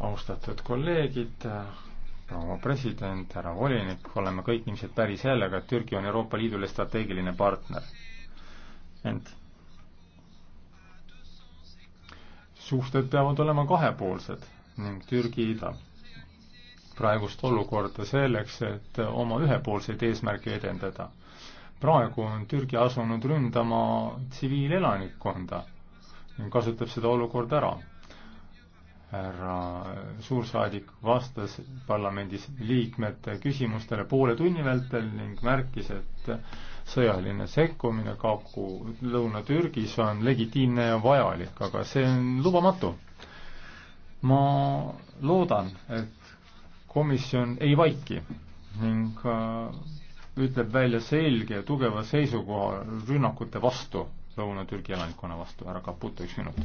Austatud kolleegid, proua president, härra volinik, oleme kõik ilmselt päri sellega, et Türgi on Euroopa Liidule strateegiline partner. ent suhted peavad olema kahepoolsed ning Türgi heidab praegust olukorda selleks, et oma ühepoolseid eesmärke edendada. praegu on Türgi asunud ründama tsiviilelanikkonda ning kasutab seda olukorda ära härra suursaadik vastas parlamendis liikmete küsimustele poole tunni vältel ning märkis, et sõjaline sekkumine Kaku Lõuna-Türgis on legitiimne ja vajalik, aga see on lubamatu. ma loodan, et komisjon ei vaiki ning äh, ütleb välja selge ja tugeva seisukoha rünnakute vastu, Lõuna-Türgi elanikkonna vastu. härra Caputo, üks minut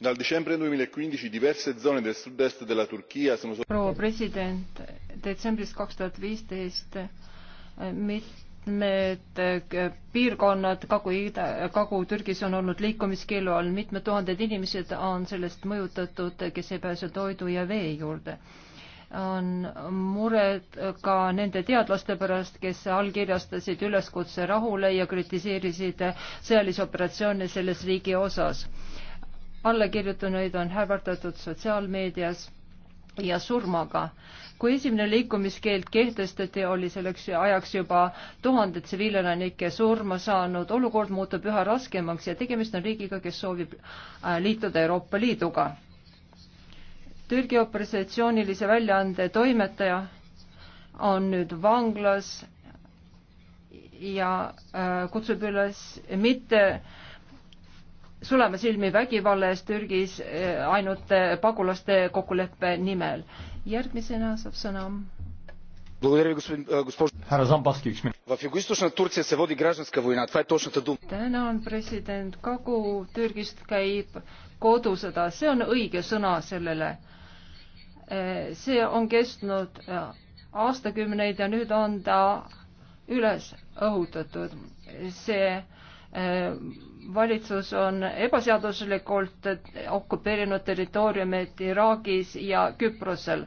dal dicembre duemilaquindici e diverse zone del sud est della turchia sono proua president detsembrist kaks tuhat viisteist eh, mitmed eh, piirkonnad kagu ida kagu türgis on olnud liikumiskeelu all mitmed tuhanded inimesed on sellest mõjutatud kes ei pääse toidu ja vee juurde on mured ka nende teadlaste pärast, kes allkirjastasid üleskutse rahule ja kritiseerisid sõjalisi operatsioone selles riigi osas allakirjutanuid on hävardatud sotsiaalmeedias ja surmaga. kui esimene liikumiskeeld kehtestati, oli selleks ajaks juba tuhanded tsiviilelanike surma saanud, olukord muutub üha raskemaks ja tegemist on riigiga, kes soovib äh, liituda Euroopa Liiduga. Türgi operatsioonilise väljaande toimetaja on nüüd vanglas ja äh, kutsub üles mitte äh, sulame silmi vägivalla eest Türgis eh, ainult eh, pagulaste kokkuleppe nimel. järgmisena saab sõna. Э, härra Zambaski, üks minut. tänan, president, Kagu-Türgist käib kodusõda, see on õige sõna sellele. Eh, see on kestnud aastakümneid ja nüüd on ta üles õhutatud. see äh, Äh, valitsus on ebaseaduslikult okupeerinud territooriumid Iraagis ja Küprosel.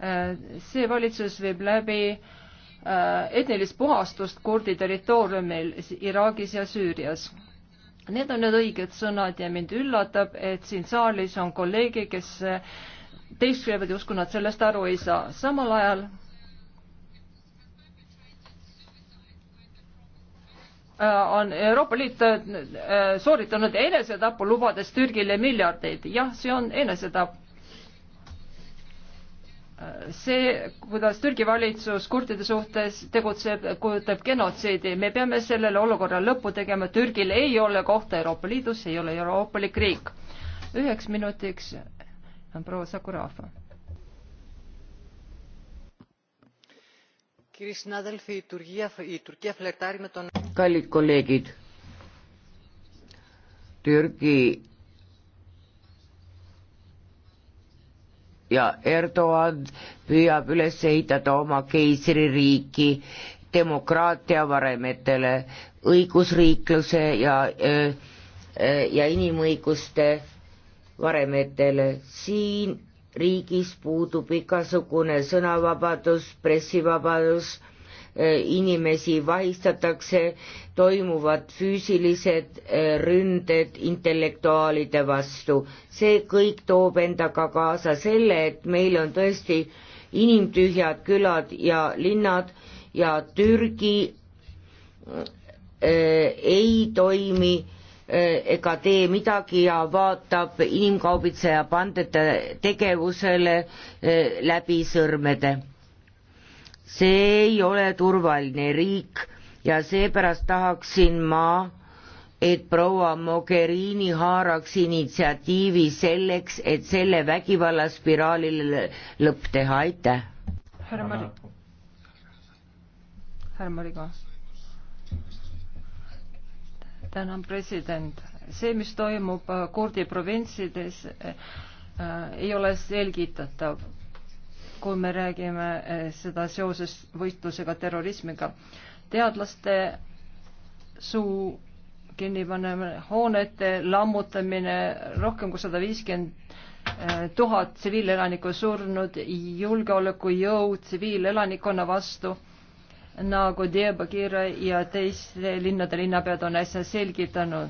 Äh, see valitsus viib läbi äh, etnilist puhastust kurdi territooriumil Iraagis ja Süürias. Need on need õiged sõnad ja mind üllatab, et siin saalis on kolleege, kes teist kõigepealt justkui nad sellest aru ei saa. samal ajal Äh, on Euroopa Liit äh, sooritanud enesetapu, lubades Türgile miljardeid. jah, see on enesetapp. Äh, see, kuidas Türgi valitsus kurdide suhtes tegutseb, kujutab genotsiidi. me peame sellele olukorrale lõpu tegema. Türgil ei ole kohta Euroopa Liidus, ei ole euroopalik riik. üheks minutiks on proua Sakurafa Kallid kolleegid, Türgi ja Erdoğan püüab üles ehitada oma keisririiki demokraatia varemetele, õigusriikluse ja, äh, äh, ja inimõiguste varemetele. siin riigis puudub igasugune sõnavabadus, pressivabadus, e, inimesi vahistatakse, toimuvad füüsilised e, ründed intellektuaalide vastu. see kõik toob endaga kaasa selle, et meil on tõesti inimtühjad külad ja linnad ja Türgi äh, ei toimi äh, Eh, ega tee midagi ja vaatab inimkaubitseja pandete tegevusele eh, läbi sõrmede. see ei ole turvaline riik ja seepärast tahaksin ma, et proua Mogherini haaraks initsiatiivi selleks, et selle vägivallaspiraalile lõpp teha, aitäh. härra Mari-, härra Mariga tänan, president. see, mis toimub äh, kurdi provintsides, äh, äh, ei ole selgitatav, kui me räägime seda seoses võitlusega terrorismiga. teadlaste suu kinnipanemine, hoonete lammutamine, rohkem kui sada viiskümmend tuhat tsiviilelanikku surnud, julgeolekujõud tsiviilelanikkonna vastu nagu Diyarbakir ja teiste linnade linnapead on äsja selgitanud.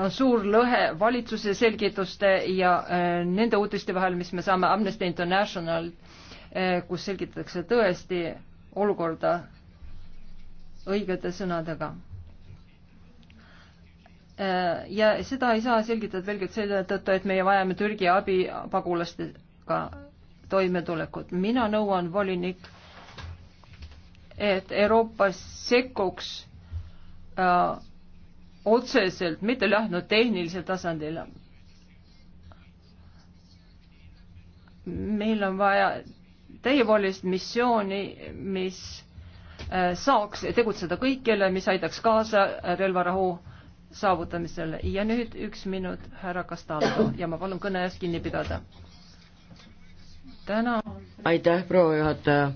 on suur lõhe valitsuse selgituste ja äh, nende uudiste vahel, mis me saame Amnesty International, äh, kus selgitatakse tõesti olukorda õigete sõnadega. Äh, ja seda ei saa selgitada pelgalt selle tõttu, et meie vajame Türgi abi pagulastega toimetulekut. mina nõuan volinik et Euroopa sekkuks äh, otseselt, mitte lähtunud tehnilisel tasandil. meil on vaja täievolist missiooni, mis äh, saaks tegutseda kõikjale, mis aitaks kaasa relvarahu saavutamisele ja nüüd üks minut härra Castaldo ja ma palun kõne eest kinni pidada. täna. aitäh, proua juhataja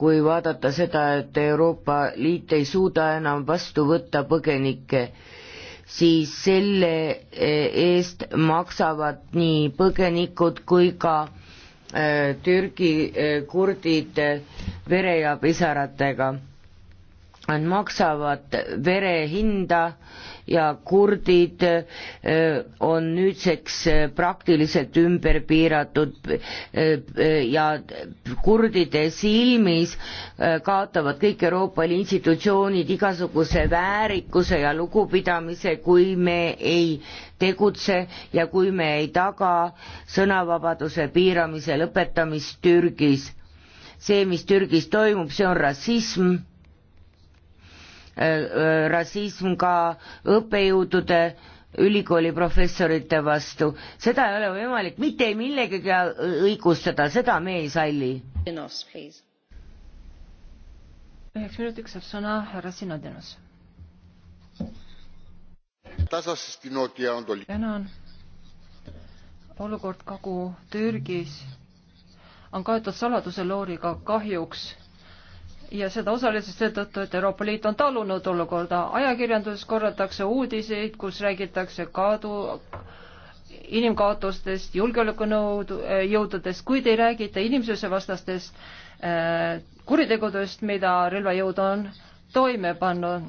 kui vaadata seda, et Euroopa Liit ei suuda enam vastu võtta põgenikke, siis selle e, eest maksavad nii põgenikud kui ka e, Türgi e, kurdid vere ja pisaratega Nad maksavad vere hinda ja kurdid eh, on nüüdseks eh, praktiliselt ümber piiratud eh, ja kurdide silmis kaotavad kõik Euroopa institutsioonid igasuguse väärikuse ja lugupidamise, kui me ei tegutse ja kui me ei taga sõnavabaduse piiramise lõpetamist Türgis. see, mis Türgis toimub, see on rassism Äh, äh, rassism ka õppejõudude ülikooli professorite vastu, seda ei ole võimalik mitte millegagi õigustada, seda me ei salli. üheks minutiks saab sõna härra Sinodinos. tänan. olukord Kagu-Türgis on kaetud saladuse looriga kahjuks ja seda osaliselt seetõttu, et Euroopa Liit on talunud olukorda. ajakirjanduses korratakse uudiseid, kus räägitakse kadu, inimkaotustest, julgeolekujõududest, eh, kuid ei räägita inimsusevastastest äh, eh, kuritegudest, mida relvajõud on toime pannud.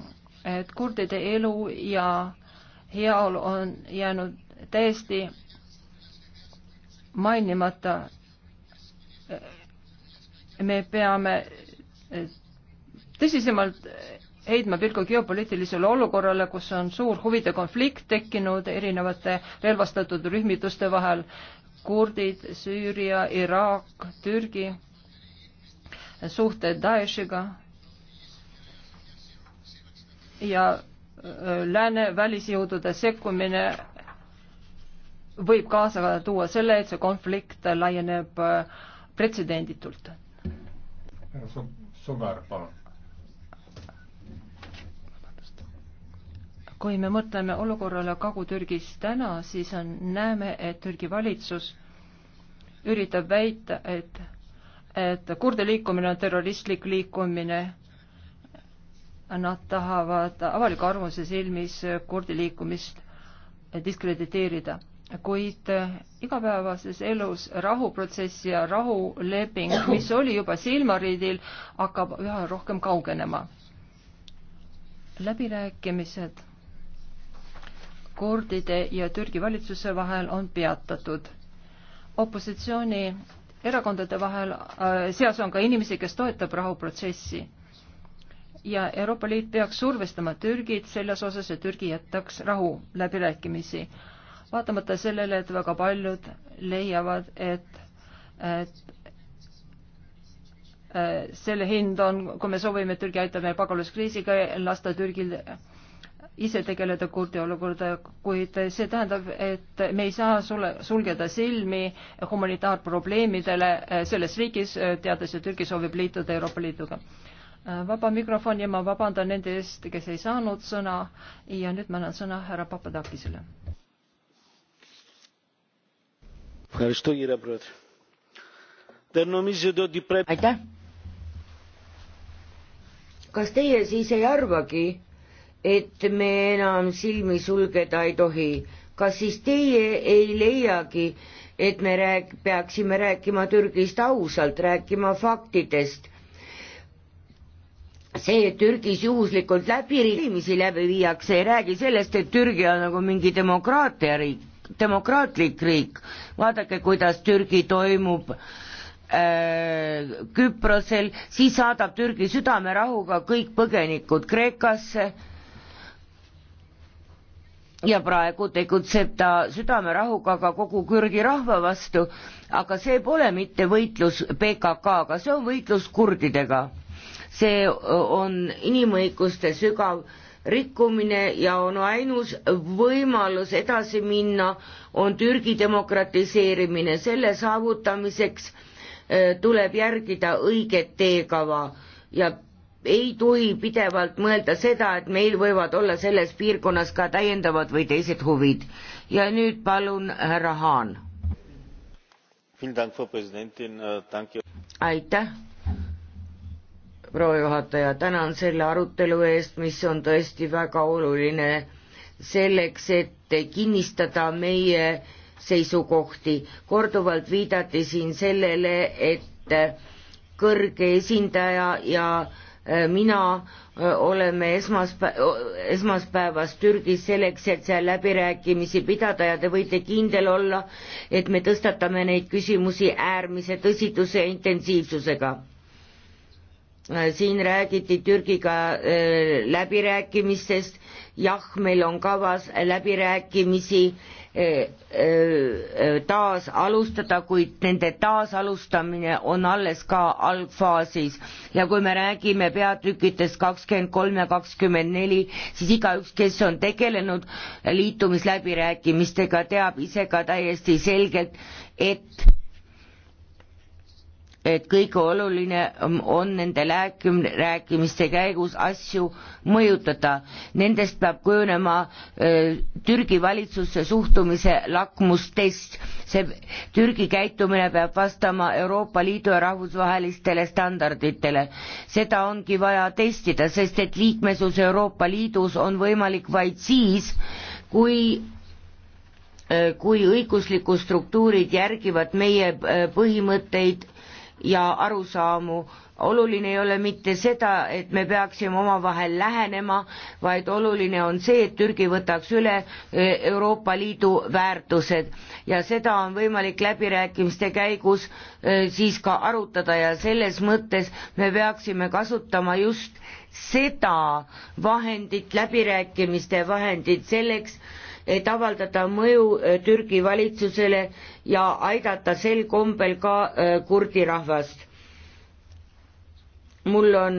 et kurdide elu ja heaolu on jäänud täiesti mainimata. me peame tõsisemalt heidma pilgu geopoliitilisele olukorrale, kus on suur huvide konflikt tekkinud erinevate relvastatud rühmituste vahel, kurdid, Süüria, Iraak, Türgi, suhted Daeshiga ja lääne välisjõudude sekkumine võib kaasa tuua selle, et see konflikt laieneb pretsedenditult. härra Somm Sugar, palun. kui me mõtleme olukorrale Kagu-Türgis täna, siis on, näeme, et Türgi valitsus üritab väita, et, et kurde liikumine on terroristlik liikumine. Nad tahavad avaliku arvamuse silmis kurdi liikumist diskrediteerida kuid äh, igapäevases elus rahuprotsess ja rahuleping, mis oli juba silmariidil, hakkab üha rohkem kaugenema. läbirääkimised kurdide ja Türgi valitsuse vahel on peatatud. opositsiooni erakondade vahel äh,, seas on ka inimesi, kes toetab rahuprotsessi. ja Euroopa Liit peaks survestama Türgit selles osas, et Türgi jätaks rahu läbirääkimisi vaatamata sellele, et väga paljud leiavad, et, et selle hind on, kui me soovime, et Türgi aitab meil pagulaskriisiga, lasta Türgil ise tegeleda kurdi olukorda, kuid see tähendab, et me ei saa sule, sulgeda silmi humanitaarprobleemidele selles riigis, teades, et Türgi soovib liituda Euroopa Liiduga. vaba mikrofon ja ma vabandan nende eest, kes ei saanud sõna ja nüüd ma annan sõna härra Papadakisele aitäh. kas teie siis ei arvagi, et me enam silmi sulgeda ei tohi, kas siis teie ei leiagi, et me rääg-, peaksime rääkima Türgist ausalt, rääkima faktidest. see, et Türgis juhuslikult läbi, läbi viiakse, ei räägi sellest, et Türgi on nagu mingi demokraatiariik demokraatlik riik, vaadake, kuidas Türgi toimub äh, Küprosel, siis saadab Türgi südamerahuga kõik põgenikud Kreekasse ja praegu tegutseb ta südamerahuga ka kogu Kürgi rahva vastu, aga see pole mitte võitlus PKK-ga, see on võitlus kurdidega. see on inimõiguste sügav äh, rikkumine ja on ainus võimalus edasi minna, on Türgi demokratiseerimine, selle saavutamiseks äh, tuleb järgida õiget teekava ja ei tohi pidevalt mõelda seda, et meil võivad olla selles piirkonnas ka täiendavad või teised huvid. ja nüüd palun härra Haan. Äh, aitäh proua juhataja, tänan selle arutelu eest, mis on tõesti väga oluline selleks, et kinnistada meie seisukohti. korduvalt viidati siin sellele, et kõrge esindaja ja äh, mina äh, oleme esmaspäev, esmaspäevas Türgis selleks, et seal läbirääkimisi pidada ja te võite kindel olla, et me tõstatame neid küsimusi äärmise tõsiduse ja intensiivsusega Äh, siin räägiti Türgiga äh, läbirääkimistest, jah, meil on kavas läbirääkimisi äh, taas alustada, kuid nende taasalustamine on alles ka algfaasis. ja kui me räägime peatükkidest kakskümmend kolm ja kakskümmend neli, siis igaüks, kes on tegelenud liitumisläbirääkimistega, teab ise ka täiesti selgelt, et et kõige oluline um, on nende rääkimiste käigus asju mõjutada. Nendest peab kujunema äh, Türgi valitsusse suhtumise lakmustest. see Türgi käitumine peab vastama Euroopa Liidu ja rahvusvahelistele standarditele. seda ongi vaja testida, sest et liikmesus Euroopa Liidus on võimalik vaid siis, kui äh, kui õiguslikud struktuurid järgivad meie äh, põhimõtteid ja arusaamu. oluline ei ole mitte seda, et me peaksime omavahel lähenema, vaid oluline on see, et Türgi võtaks üle e, Euroopa Liidu väärtused ja seda on võimalik läbirääkimiste käigus e, siis ka arutada ja selles mõttes me peaksime kasutama just seda vahendit, läbirääkimiste vahendit selleks, et avaldada mõju äh, Türgi valitsusele ja aidata sel kombel ka äh, kurdi rahvast. mul on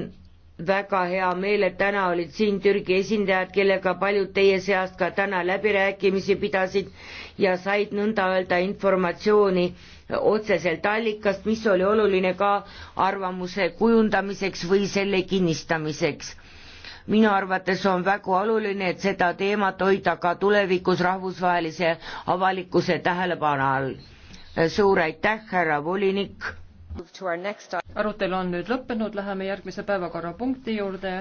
väga hea meel, et täna olid siin Türgi esindajad, kellega paljud teie seast ka täna läbirääkimisi pidasid ja said nõnda öelda informatsiooni äh, otseselt allikast, mis oli oluline ka arvamuse kujundamiseks või selle kinnistamiseks minu arvates on väga oluline, et seda teemat hoida ka tulevikus rahvusvahelise avalikkuse tähelepanu all. suur aitäh, härra volinik! arutelu on nüüd lõppenud, läheme järgmise päevakorrapunkti juurde.